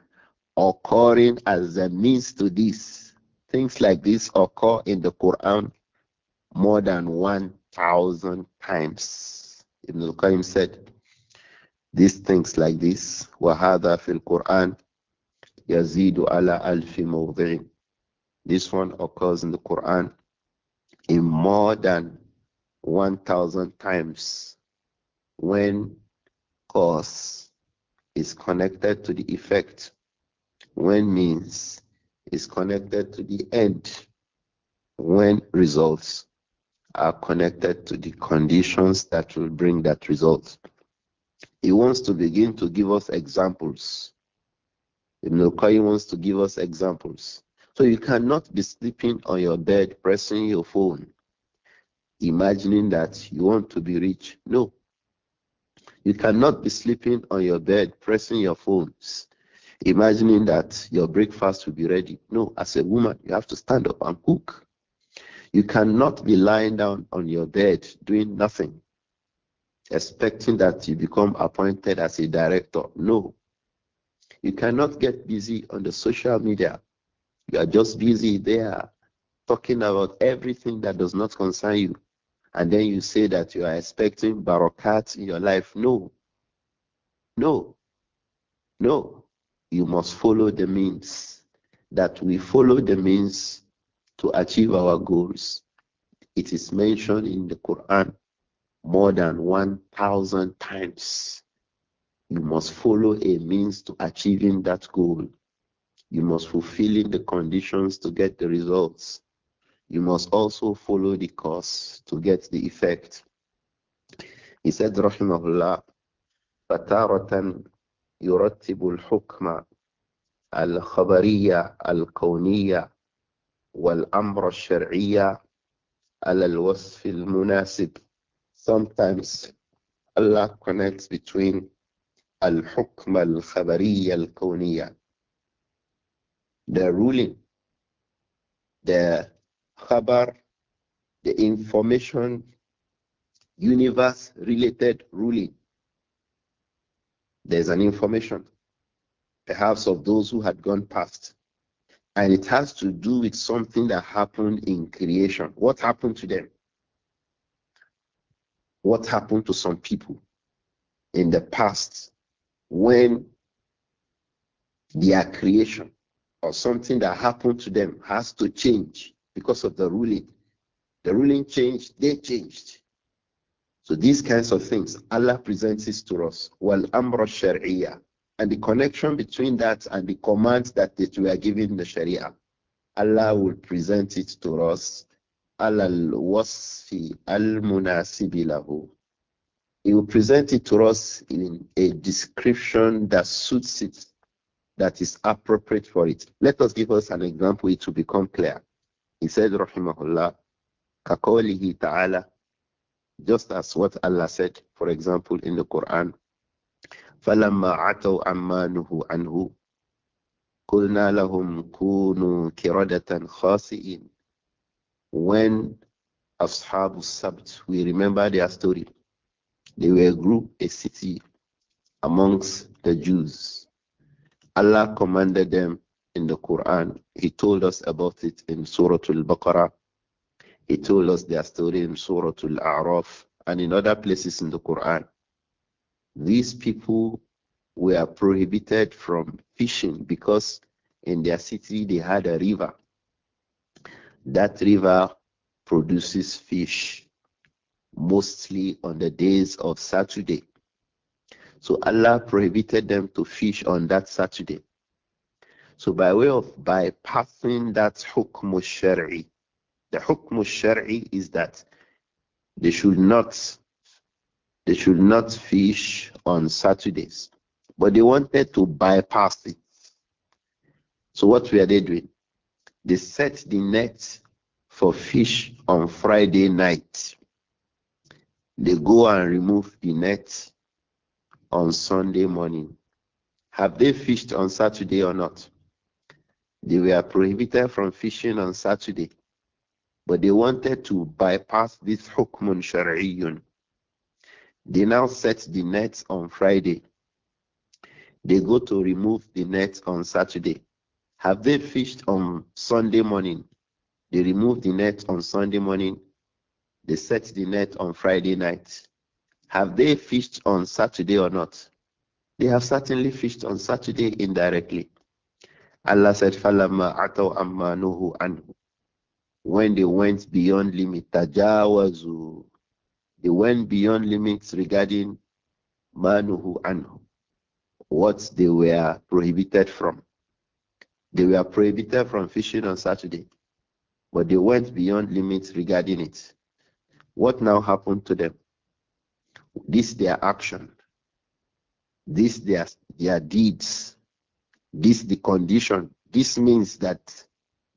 occurring as a means to this. Things like this occur in the Quran more than 1,000 times. Ibn al-Qayyim said, these things like this, وَهَذَا فِي الْقُرْآنِ يَزِيدُ عَلَى أَلْفِ This one occurs in the Quran in more than 1,000 times when cause is connected to the effect, when means is connected to the end, when results are connected to the conditions that will bring that result. He wants to begin to give us examples. Ibn al wants to give us examples. So you cannot be sleeping on your bed pressing your phone imagining that you want to be rich. No. You cannot be sleeping on your bed, pressing your phones, imagining that your breakfast will be ready. No, as a woman, you have to stand up and cook. You cannot be lying down on your bed doing nothing, expecting that you become appointed as a director. No. You cannot get busy on the social media. You are just busy there talking about everything that does not concern you and then you say that you are expecting barakat in your life. No. No. No. You must follow the means. That we follow the means to achieve our goals. It is mentioned in the Quran more than 1,000 times. You must follow a means to achieving that goal. You must fulfill the conditions to get the results you must also follow the course to get the effect. He said, Rahimahullah, فتارة يرتب الحكم الخبرية الكونية والأمر الشرعية على الوصف المناسب. Sometimes Allah connects between الحكم الخبرية الكونية the ruling the khabar, the information, universe related ruling. There's an information, perhaps of those who had gone past. And it has to do with something that happened in creation. What happened to them? What happened to some people in the past when their creation or something that happened to them has to change because of the ruling. The ruling changed, they changed. So these kinds of things, Allah presents this to us. while amra sharia. And the connection between that and the commands that we are given the sharia. Allah will present it to us. Allah wasfi al munasibilahu. He will present it to us in a description that suits it, that is appropriate for it. Let us give us an example It will become clear. He said, Rahimahullah, Kakolihi Ta'ala, just as what Allah said, for example, in the Quran, فَلَمَّا عَتَوْا عَمَّا نُهُوا عَنْهُ قُلْنَا لَهُمْ كُونُوا كِرَدَةً خَاسِئِينَ When Ashabu Sabt, we remember their story. They were a group, a city amongst the Jews. Allah commanded them in the Quran. He told us about it in Surah Al Baqarah. He told us their story in Surah Al A'raf and in other places in the Quran. These people were prohibited from fishing because in their city they had a river. That river produces fish mostly on the days of Saturday. So Allah prohibited them to fish on that Saturday. So by way of bypassing that hukm shari, the hukm shari is that they should not they should not fish on Saturdays, but they wanted to bypass it. So what were they doing? They set the net for fish on Friday night. They go and remove the net on Sunday morning. Have they fished on Saturday or not? They were prohibited from fishing on Saturday, but they wanted to bypass this hukmun shari'iyun. They now set the nets on Friday. They go to remove the nets on Saturday. Have they fished on Sunday morning? They remove the net on Sunday morning. They set the net on Friday night. Have they fished on Saturday or not? They have certainly fished on Saturday indirectly. Allah said, Falama atau amma nuhu anhu. When they went beyond limit, tajawazu. They went beyond limits regarding manuhu anhu. What they were prohibited from. They were prohibited from fishing on Saturday, but they went beyond limits regarding it. What now happened to them? This their action. This their their deeds this the condition. This means that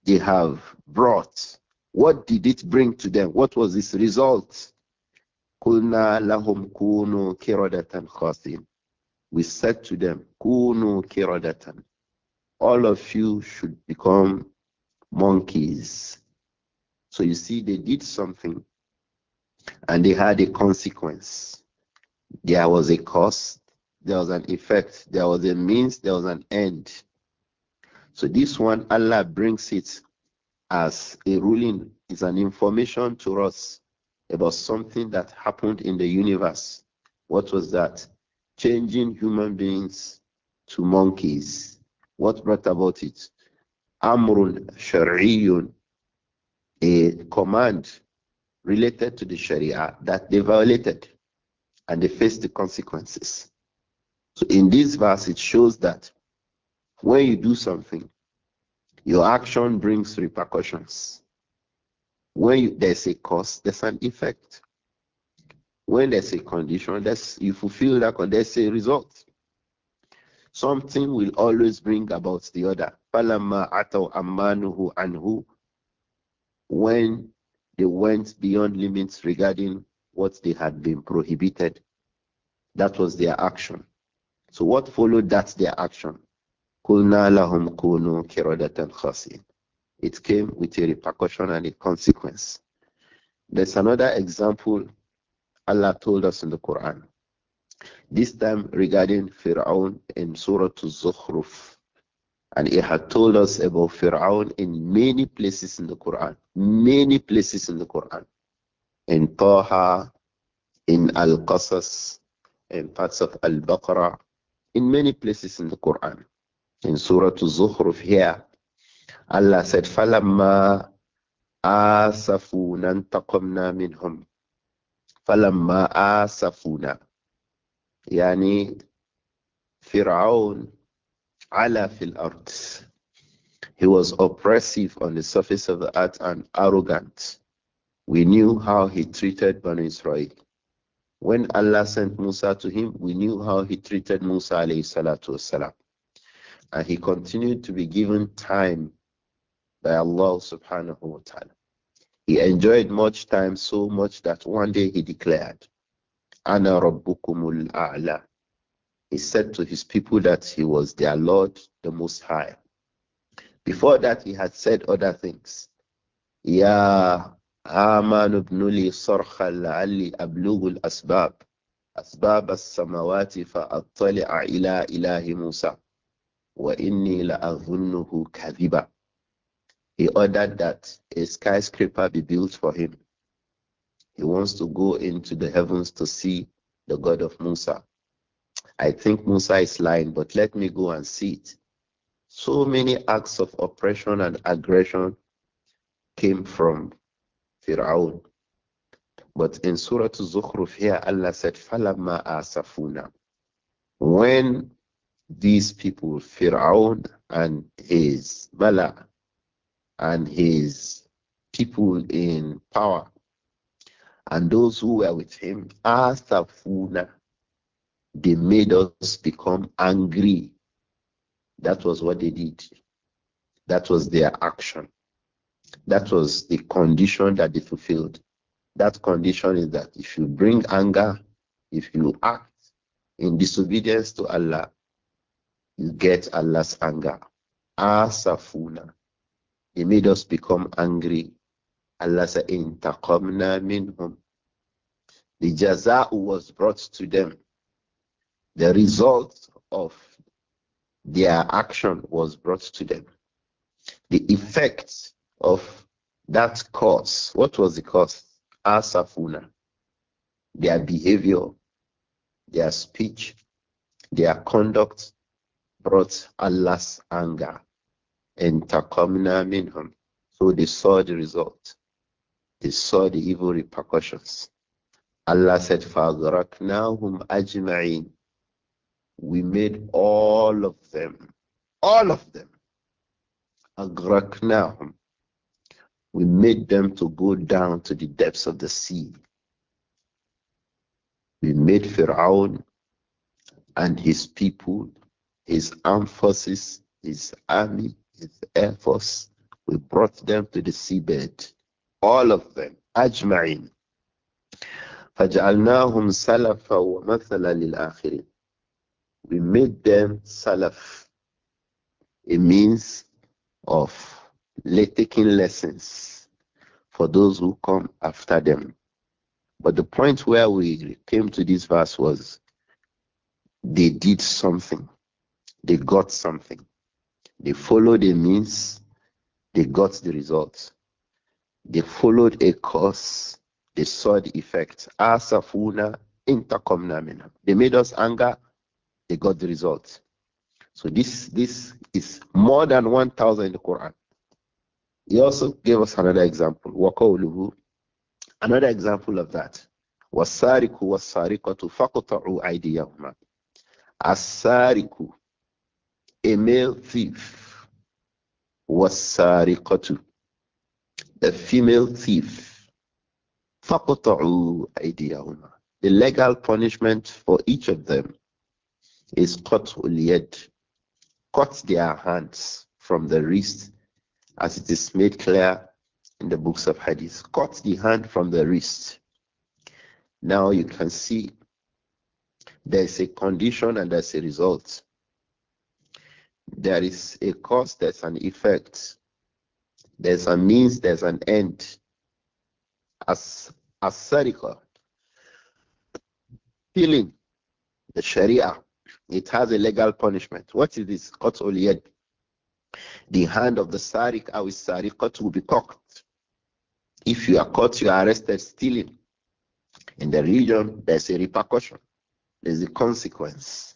they have brought. What did it bring to them? What was its result? We said to them, All of you should become monkeys. So you see, they did something and they had a consequence. There was a cause, there was an effect, there was a means, there was an end. So this one, Allah brings it as a ruling, is an information to us about something that happened in the universe. What was that? Changing human beings to monkeys. What brought about it? Amrun Shari'un, a command related to the Sharia that they violated and they faced the consequences. So in this verse, it shows that when you do something, your action brings repercussions. When you, there's a cause, there's an effect. When there's a condition, there's you fulfill that there's a result. Something will always bring about the other. Palama ataw amanuhu anhu. When they went beyond limits regarding what they had been prohibited, that was their action. So what followed? That's their action. It came with a repercussion and a consequence. There's another example Allah told us in the Quran. This time regarding Fir'aun in Surah Zukhruf. And he had told us about Fir'aun in many places in the Quran. Many places in the Quran. In Taha, in Al Qasas, in parts of Al Baqarah, in many places in the Quran. In Surah Zukhruf here, Allah said, فَلَمَّا آسَفُونَا انْتَقَمْنَا مِنْهُمْ فَلَمَّا آسَفُونَا يعني فرعون علا في الأرض He was oppressive on the surface of the earth and arrogant. We knew how he treated Banu Israel. When Allah sent Musa to him, we knew how he treated Musa alayhi salatu wasalam. And he continued to be given time by Allah subhanahu wa ta'ala. He enjoyed much time, so much that one day he declared, Ana Rabbukumul A'la. He said to his people that he was their Lord, the Most High. Before that, he had said other things. Ya آمان ابن لي لعلي أبلغ الأسباب أسباب السماوات فأطلع إلى إله موسى وإني لأظنه كذبا He ordered that a skyscraper be built for him. He wants to go into the heavens to see the God of Musa. I think Musa is lying, but let me go and see it. So many acts of oppression and aggression came from Fir'aun. But in Surah Zukhruf here, Allah said, Falama asafuna. When these people, Fir'aun and his Mala and his people in power, and those who were with him, asafuna, they made us become angry. That was what they did. That was their action. That was the condition that they fulfilled. That condition is that if you bring anger, if you act in disobedience to Allah, you get Allah's anger. Asafuna. He made us become angry. Allah said, Intaqamna minhum. The jaza was brought to them. The result of their action was brought to them. The effect of that cause. What was the cause? Asafuna. Their behavior, their speech, their conduct brought Allah's anger. And Takamna minhum. So they saw the result. They saw the evil repercussions. Allah said, فَأَغْرَقْنَاهُمْ ajma'in, We made all of them, all of them, أَغْرَقْنَاهُمْ we made them to go down to the depths of the sea. We made Pharaoh and his people, his armed forces, his army, his air force, we brought them to the seabed. All of them, أجمعين. فجعلناهم سلفا ومثلا للآخرين. We made them salaf. It means of taking lessons for those who come after them. But the point where we came to this verse was they did something, they got something, they followed a means, they got the results, they followed a course, they saw the effect. Asafuna intercomna They made us anger, they got the result. So this this is more than 1,000 in the Quran. He also gave us another example. Another example of that. وَالسَّارِكُ وَالسَّارِقَةُ فَقُطَعُوا أَيْدِيَهُمَا Asariku, A male thief. وَالسَّارِقَةُ A female thief. فَقُطَعُوا أَيْدِيَهُمَا The legal punishment for each of them is cut الْيَدِ Cut their hands from the wrist as it is made clear in the books of hadith. Cut the hand from the wrist. Now you can see there's a condition and there's a result. There is a cause, there's an effect. There's a means, there's an end. As as killing the Sharia, it has a legal punishment. What is this? Qat'ul yad, the hand of the Sariq or Sariqat will be cocked. If you are caught, you are arrested stealing. In the region, there's a repercussion, there's a consequence.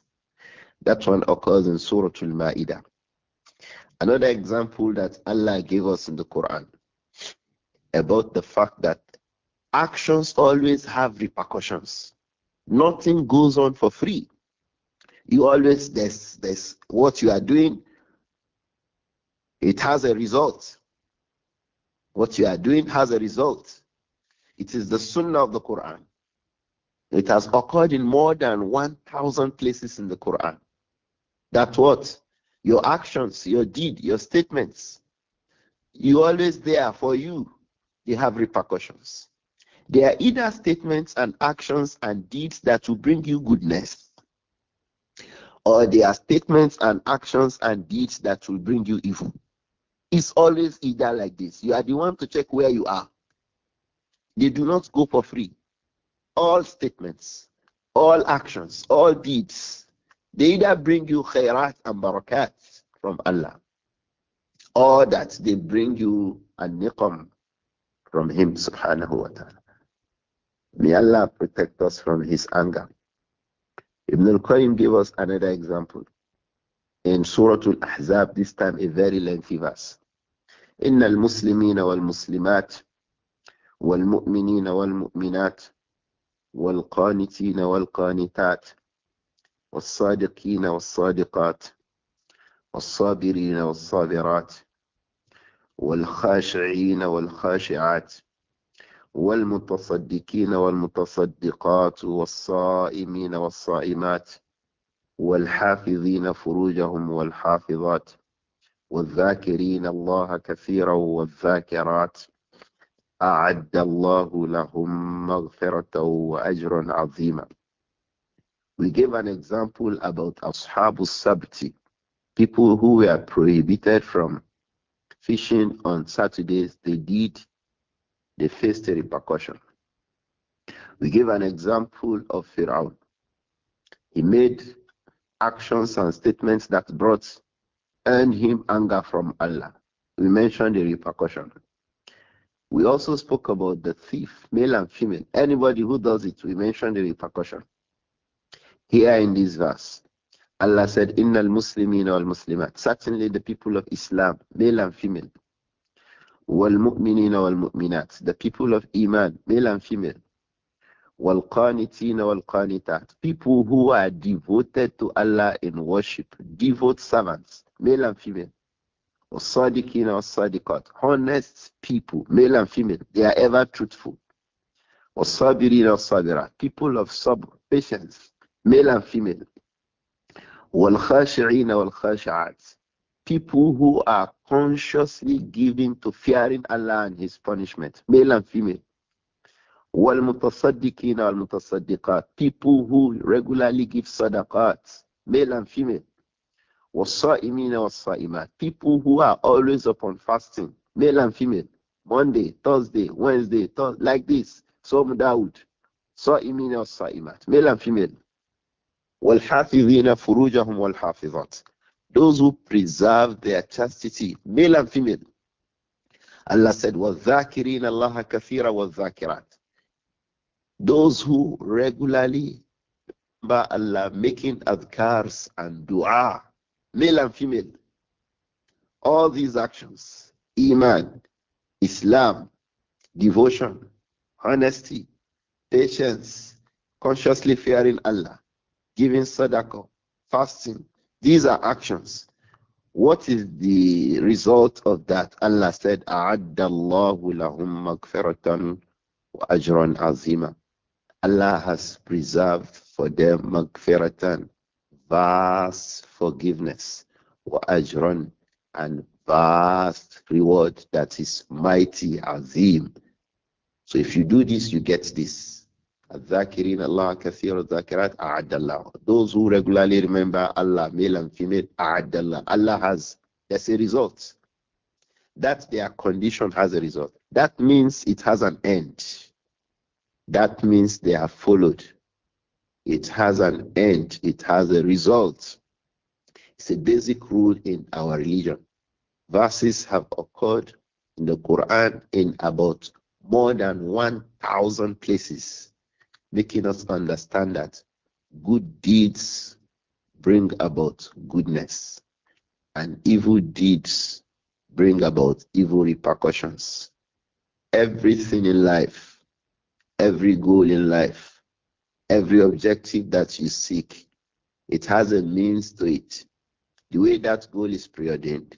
That one occurs in Surah Al Ma'idah. Another example that Allah gave us in the Quran about the fact that actions always have repercussions. Nothing goes on for free. You always there's there's what you are doing, it has a result. What you are doing has a result. It is the Sunnah of the Quran. It has occurred in more than 1,000 places in the Quran. That what? Your actions, your deed, your statements, you always there for you. They have repercussions. They are either statements and actions and deeds that will bring you goodness, or they are statements and actions and deeds that will bring you evil. It's always either like this. You are the one to check where you are. They do not go for free. All statements, all actions, all deeds, they either bring you khairat and barakat from Allah, or that they bring you a niqam from Him, subhanahu wa ta'ala. May Allah protect us from His anger. Ibn al-Qayyim gave us another example. in Surah Al-Ahzab, this time a very lengthy verse. إن المسلمين والمسلمات والمؤمنين والمؤمنات والقانتين والقانتات والصادقين والصادقات والصابرين والصابرات والخاشعين والخاشعات والمتصدقين والمتصدقات والصائمين والصائمات والحافظين فروجهم والحافظات والذاكرين الله كثيرا والذاكرات أعد الله لهم مغفرة وأجرا عظيما We gave an example about Ashab al people who were prohibited from fishing on Saturdays, they did, they faced repercussion. We gave an example of Firaun. He made actions and statements that brought earned him anger from Allah. We mentioned the repercussion. We also spoke about the thief, male and female. Anybody who does it, we mentioned the repercussion. Here in this verse, Allah said, Innal Muslimin al Muslimat. Certainly the people of Islam, male and female. Wal Mu'minin wal Mu'minat. The people of Iman, male and female. والقانتين والقانتات people who are devoted to Allah in worship devote servants male and female والصادقين والصادقات honest people male and female they are ever truthful والصابرين والصابرات people of sabr patience male and female والخاشعين والخاشعات people who are consciously giving to fearing Allah and His punishment male and female والمتصدقين والمتصدقات people who regularly give sadaqat male and female والصائمين والصائمات people who are always upon fasting male and female Monday Thursday Wednesday th like this some doubt صائمين والصائمات male and female والحافظين فروجهم والحافظات those who preserve their chastity male and female Allah said وَالذَّاكِرِينَ اللَّهَ كَثِيرًا وَالذَّاكِرَاتِ those who regularly remember Allah making adhkars and dua, male and female, all these actions, Iman, Islam, devotion, honesty, patience, consciously fearing Allah, giving sadaqah, fasting, these are actions. What is the result of that? Allah said, أَعَدَّ اللَّهُ لَهُمْ مَغْفِرَةً وَأَجْرًا عَظِيمًا Allah has preserved for them magfiratan, vast forgiveness, wa ajran, and vast reward that is mighty, azim. So if you do this, you get this. Zakirin Allah kathir الذاكرات أعد those who regularly remember Allah male and female a'adallah. Allah has there's a result that their condition has a result that means it has an end that means they are followed. It has an end, it has a result. It's a basic rule in our religion. Verses have occurred in the Quran in about more than 1,000 places, making us understand that good deeds bring about goodness, and evil deeds bring about evil repercussions. Everything in life Every goal in life, every objective that you seek, it has a means to it. The way that goal is preordained,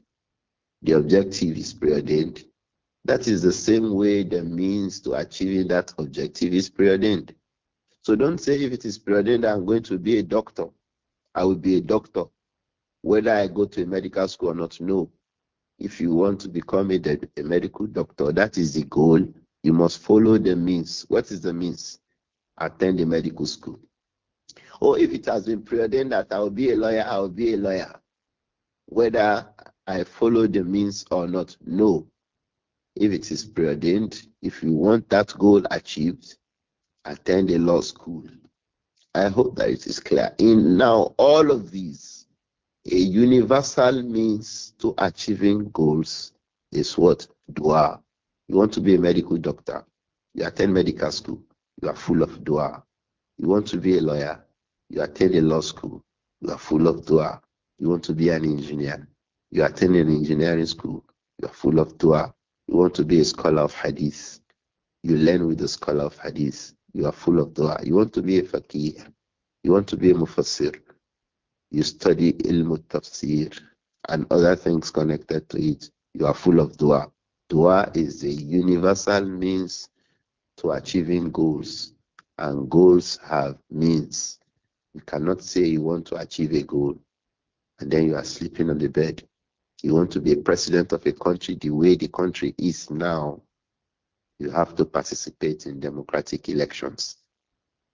the objective is preordained. That is the same way the means to achieving that objective is preordained. So don't say if it is preordained, I'm going to be a doctor. I will be a doctor. Whether I go to a medical school or not, no. If you want to become a, a medical doctor, that is the goal you must follow the means. What is the means? Attend the medical school. Or oh, if it has been preordained that I'll be a lawyer, I'll be a lawyer. Whether I follow the means or not, no. If it is preordained, if you want that goal achieved, attend a law school. I hope that it is clear. In now, all of these, a universal means to achieving goals is what? Dua. You want to be a medical doctor. You attend medical school. You are full of dua. You want to be a lawyer. You attend a law school. You are full of dua. You want to be an engineer. You attend an engineering school. You are full of dua. You want to be a scholar of hadith. You learn with the scholar of hadith. You are full of dua. You want to be a faqih. You want to be a mufassir. You study ilm tafsir and other things connected to it. You are full of dua. Dua is the universal means to achieving goals, and goals have means. You cannot say you want to achieve a goal and then you are sleeping on the bed. You want to be a president of a country the way the country is now. You have to participate in democratic elections.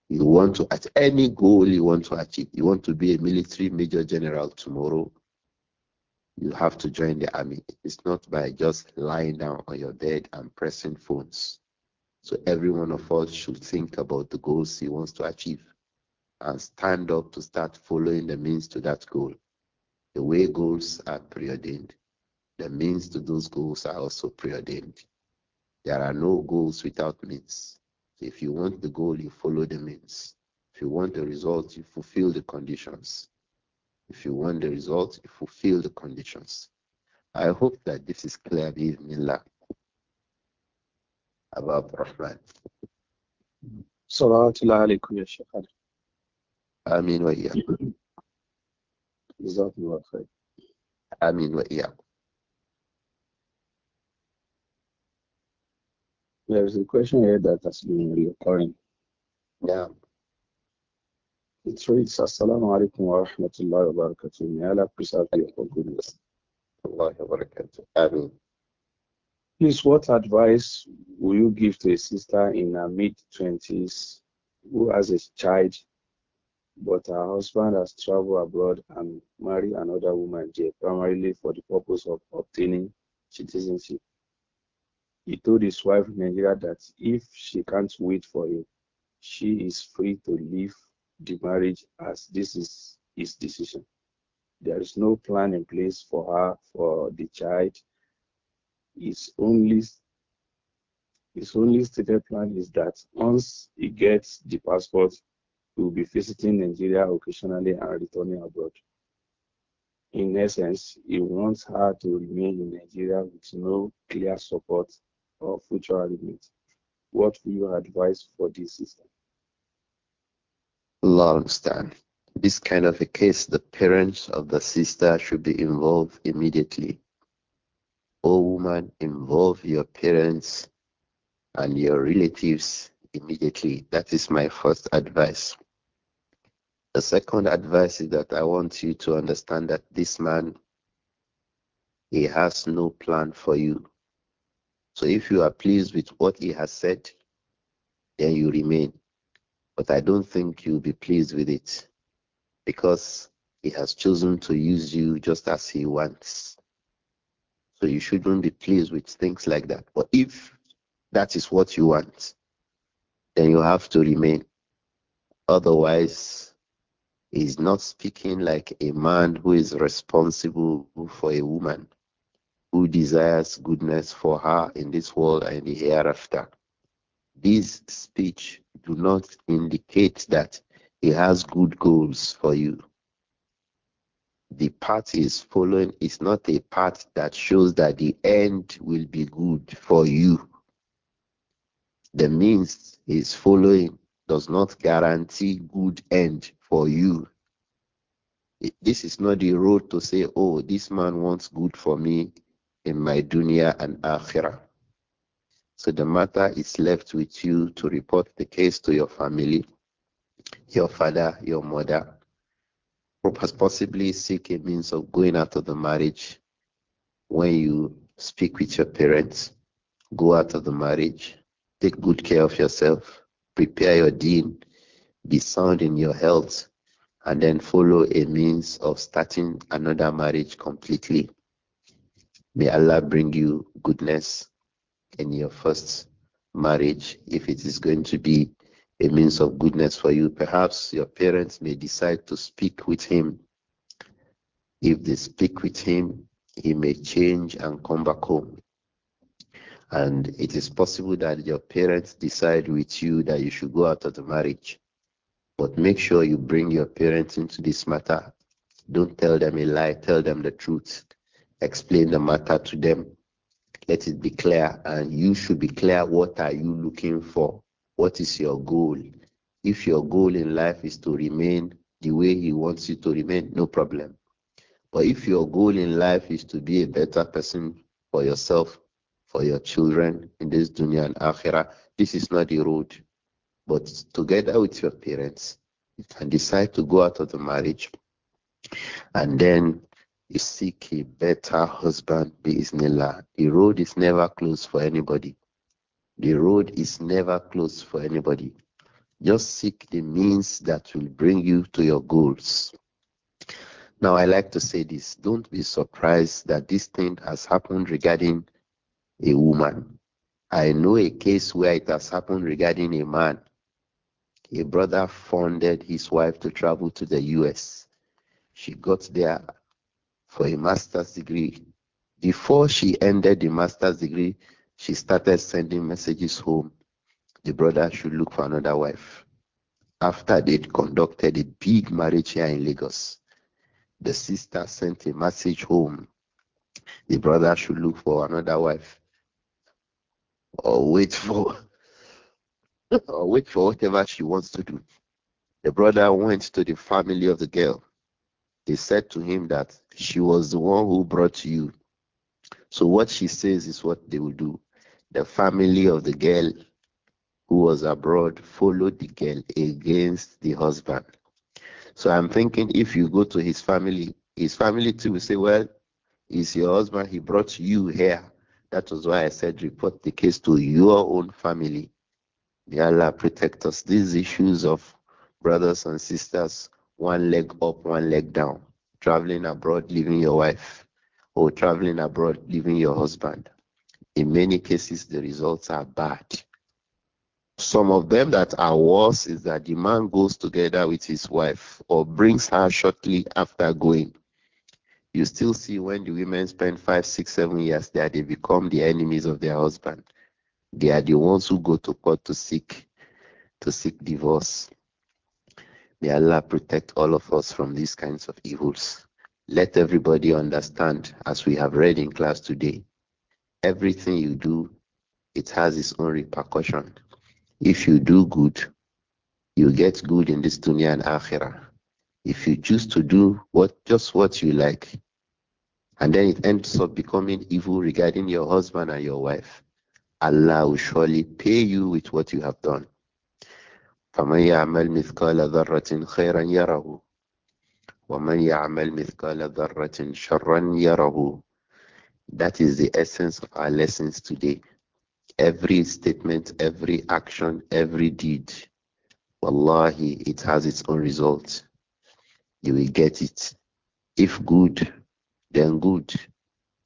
You want to, at any goal you want to achieve, you want to be a military major general tomorrow, you have to join the army. It's not by just lying down on your bed and pressing phones. So every one of us should think about the goals he wants to achieve and stand up to start following the means to that goal. The way goals are preordained, the means to those goals are also preordained. There are no goals without means. So if you want the goal, you follow the means. If you want the result, you fulfill the conditions if you want the result, you fulfill the conditions. I hope that this is clear, Bismillah, about Rahman. Salatullah alaikum, Ya Sheikh Ali. Ameen wa iyyakum. Jazakumullah khair. Ameen wa iyyakum. There is a question here that has been recurring. Yeah. It reads, Assalamu alaikum wa rahmatullahi wa barakatuh. May Allah preserve you for goodness. Allah wa barakatuh. Amen. Please, what advice will you give to a sister in her mid 20s who has a child, but her husband has traveled abroad and married another woman, primarily for the purpose of obtaining citizenship? He told his wife in Nigeria that if she can't wait for him, she is free to leave the marriage as this is his decision. There is no plan in place for her, for the child. His only, his only stated plan is that once he gets the passport, he will be visiting Nigeria occasionally and returning abroad. In essence, he wants her to remain in Nigeria with no clear support or future arrangement. What will you advise for this system? Long Longstand. This kind of a case, the parents of the sister should be involved immediately. All oh, woman, involve your parents and your relatives immediately. That is my first advice. The second advice is that I want you to understand that this man, he has no plan for you. So if you are pleased with what he has said, then you remain. But I don't think you'll be pleased with it because he has chosen to use you just as he wants. So you shouldn't be pleased with things like that. But if that is what you want, then you have to remain. Otherwise, he's not speaking like a man who is responsible for a woman who desires goodness for her in this world and the hereafter. This speech do not indicate that he has good goals for you. The path he is following is not a path that shows that the end will be good for you. The means he is following does not guarantee good end for you. This is not the road to say, oh, this man wants good for me in my dunya and akhirah so the matter is left with you to report the case to your family, your father, your mother, possibly seek a means of going out of the marriage when you speak with your parents, go out of the marriage, take good care of yourself, prepare your deen, be sound in your health, and then follow a means of starting another marriage completely. May Allah bring you goodness in your first marriage, if it is going to be a means of goodness for you. Perhaps your parents may decide to speak with him. If they speak with him, he may change and come back home. And it is possible that your parents decide with you that you should go out of the marriage. But make sure you bring your parents into this matter. Don't tell them a lie, tell them the truth. Explain the matter to them let it be clear, and you should be clear what are you looking for? What is your goal? If your goal in life is to remain the way he wants you to remain, no problem. But if your goal in life is to be a better person for yourself, for your children in this dunya and akhirah, this is not the road. But together with your parents, you can decide to go out of the marriage and then you seek a better husband, Biznillah. The road is never closed for anybody. The road is never closed for anybody. Just seek the means that will bring you to your goals. Now, I like to say this don't be surprised that this thing has happened regarding a woman. I know a case where it has happened regarding a man. A brother funded his wife to travel to the US. She got there for a master's degree. Before she ended the master's degree, she started sending messages home. The brother should look for another wife. After they conducted a big marriage here in Lagos, the sister sent a message home. The brother should look for another wife or wait for or wait for whatever she wants to do. The brother went to the family of the girl. They said to him that she was the one who brought you. So what she says is what they will do. The family of the girl who was abroad followed the girl against the husband. So I'm thinking if you go to his family, his family too will say, Well, it's your husband, he brought you here. That was why I said report the case to your own family. May Allah protect us. These issues of brothers and sisters, one leg up, one leg down traveling abroad, leaving your wife, or traveling abroad, leaving your husband. In many cases, the results are bad. Some of them that are worse is that the man goes together with his wife or brings her shortly after going. You still see when the women spend five, six, seven years there, they become the enemies of their husband. They are the ones who go to court to seek to seek divorce. May Allah protect all of us from these kinds of evils. Let everybody understand, as we have read in class today, everything you do, it has its own repercussion. If you do good, you get good in this dunya and akhirah. If you choose to do what just what you like, and then it ends up becoming evil regarding your husband and your wife, Allah will surely pay you with what you have done. فمن يعمل مثقال ذرة خيرا يره ومن يعمل مثقال ذرة شرا يره That is the essence of our lessons today. Every statement, every action, every deed, wallahi, it has its own result. You will get it. If good, then good.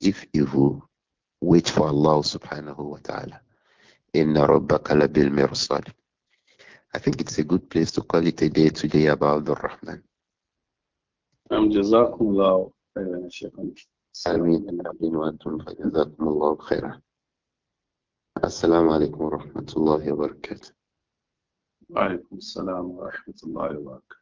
If evil, wait for Allah subhanahu wa ta'ala. Inna rabbaka labil mirsad. I think it's a good place to call it a day today about the Rahman. I'm Jazakum Law, alaikum wa rahmatullahi wa barakatuh. Wa alaikum rahmatullahi wa barakatuh.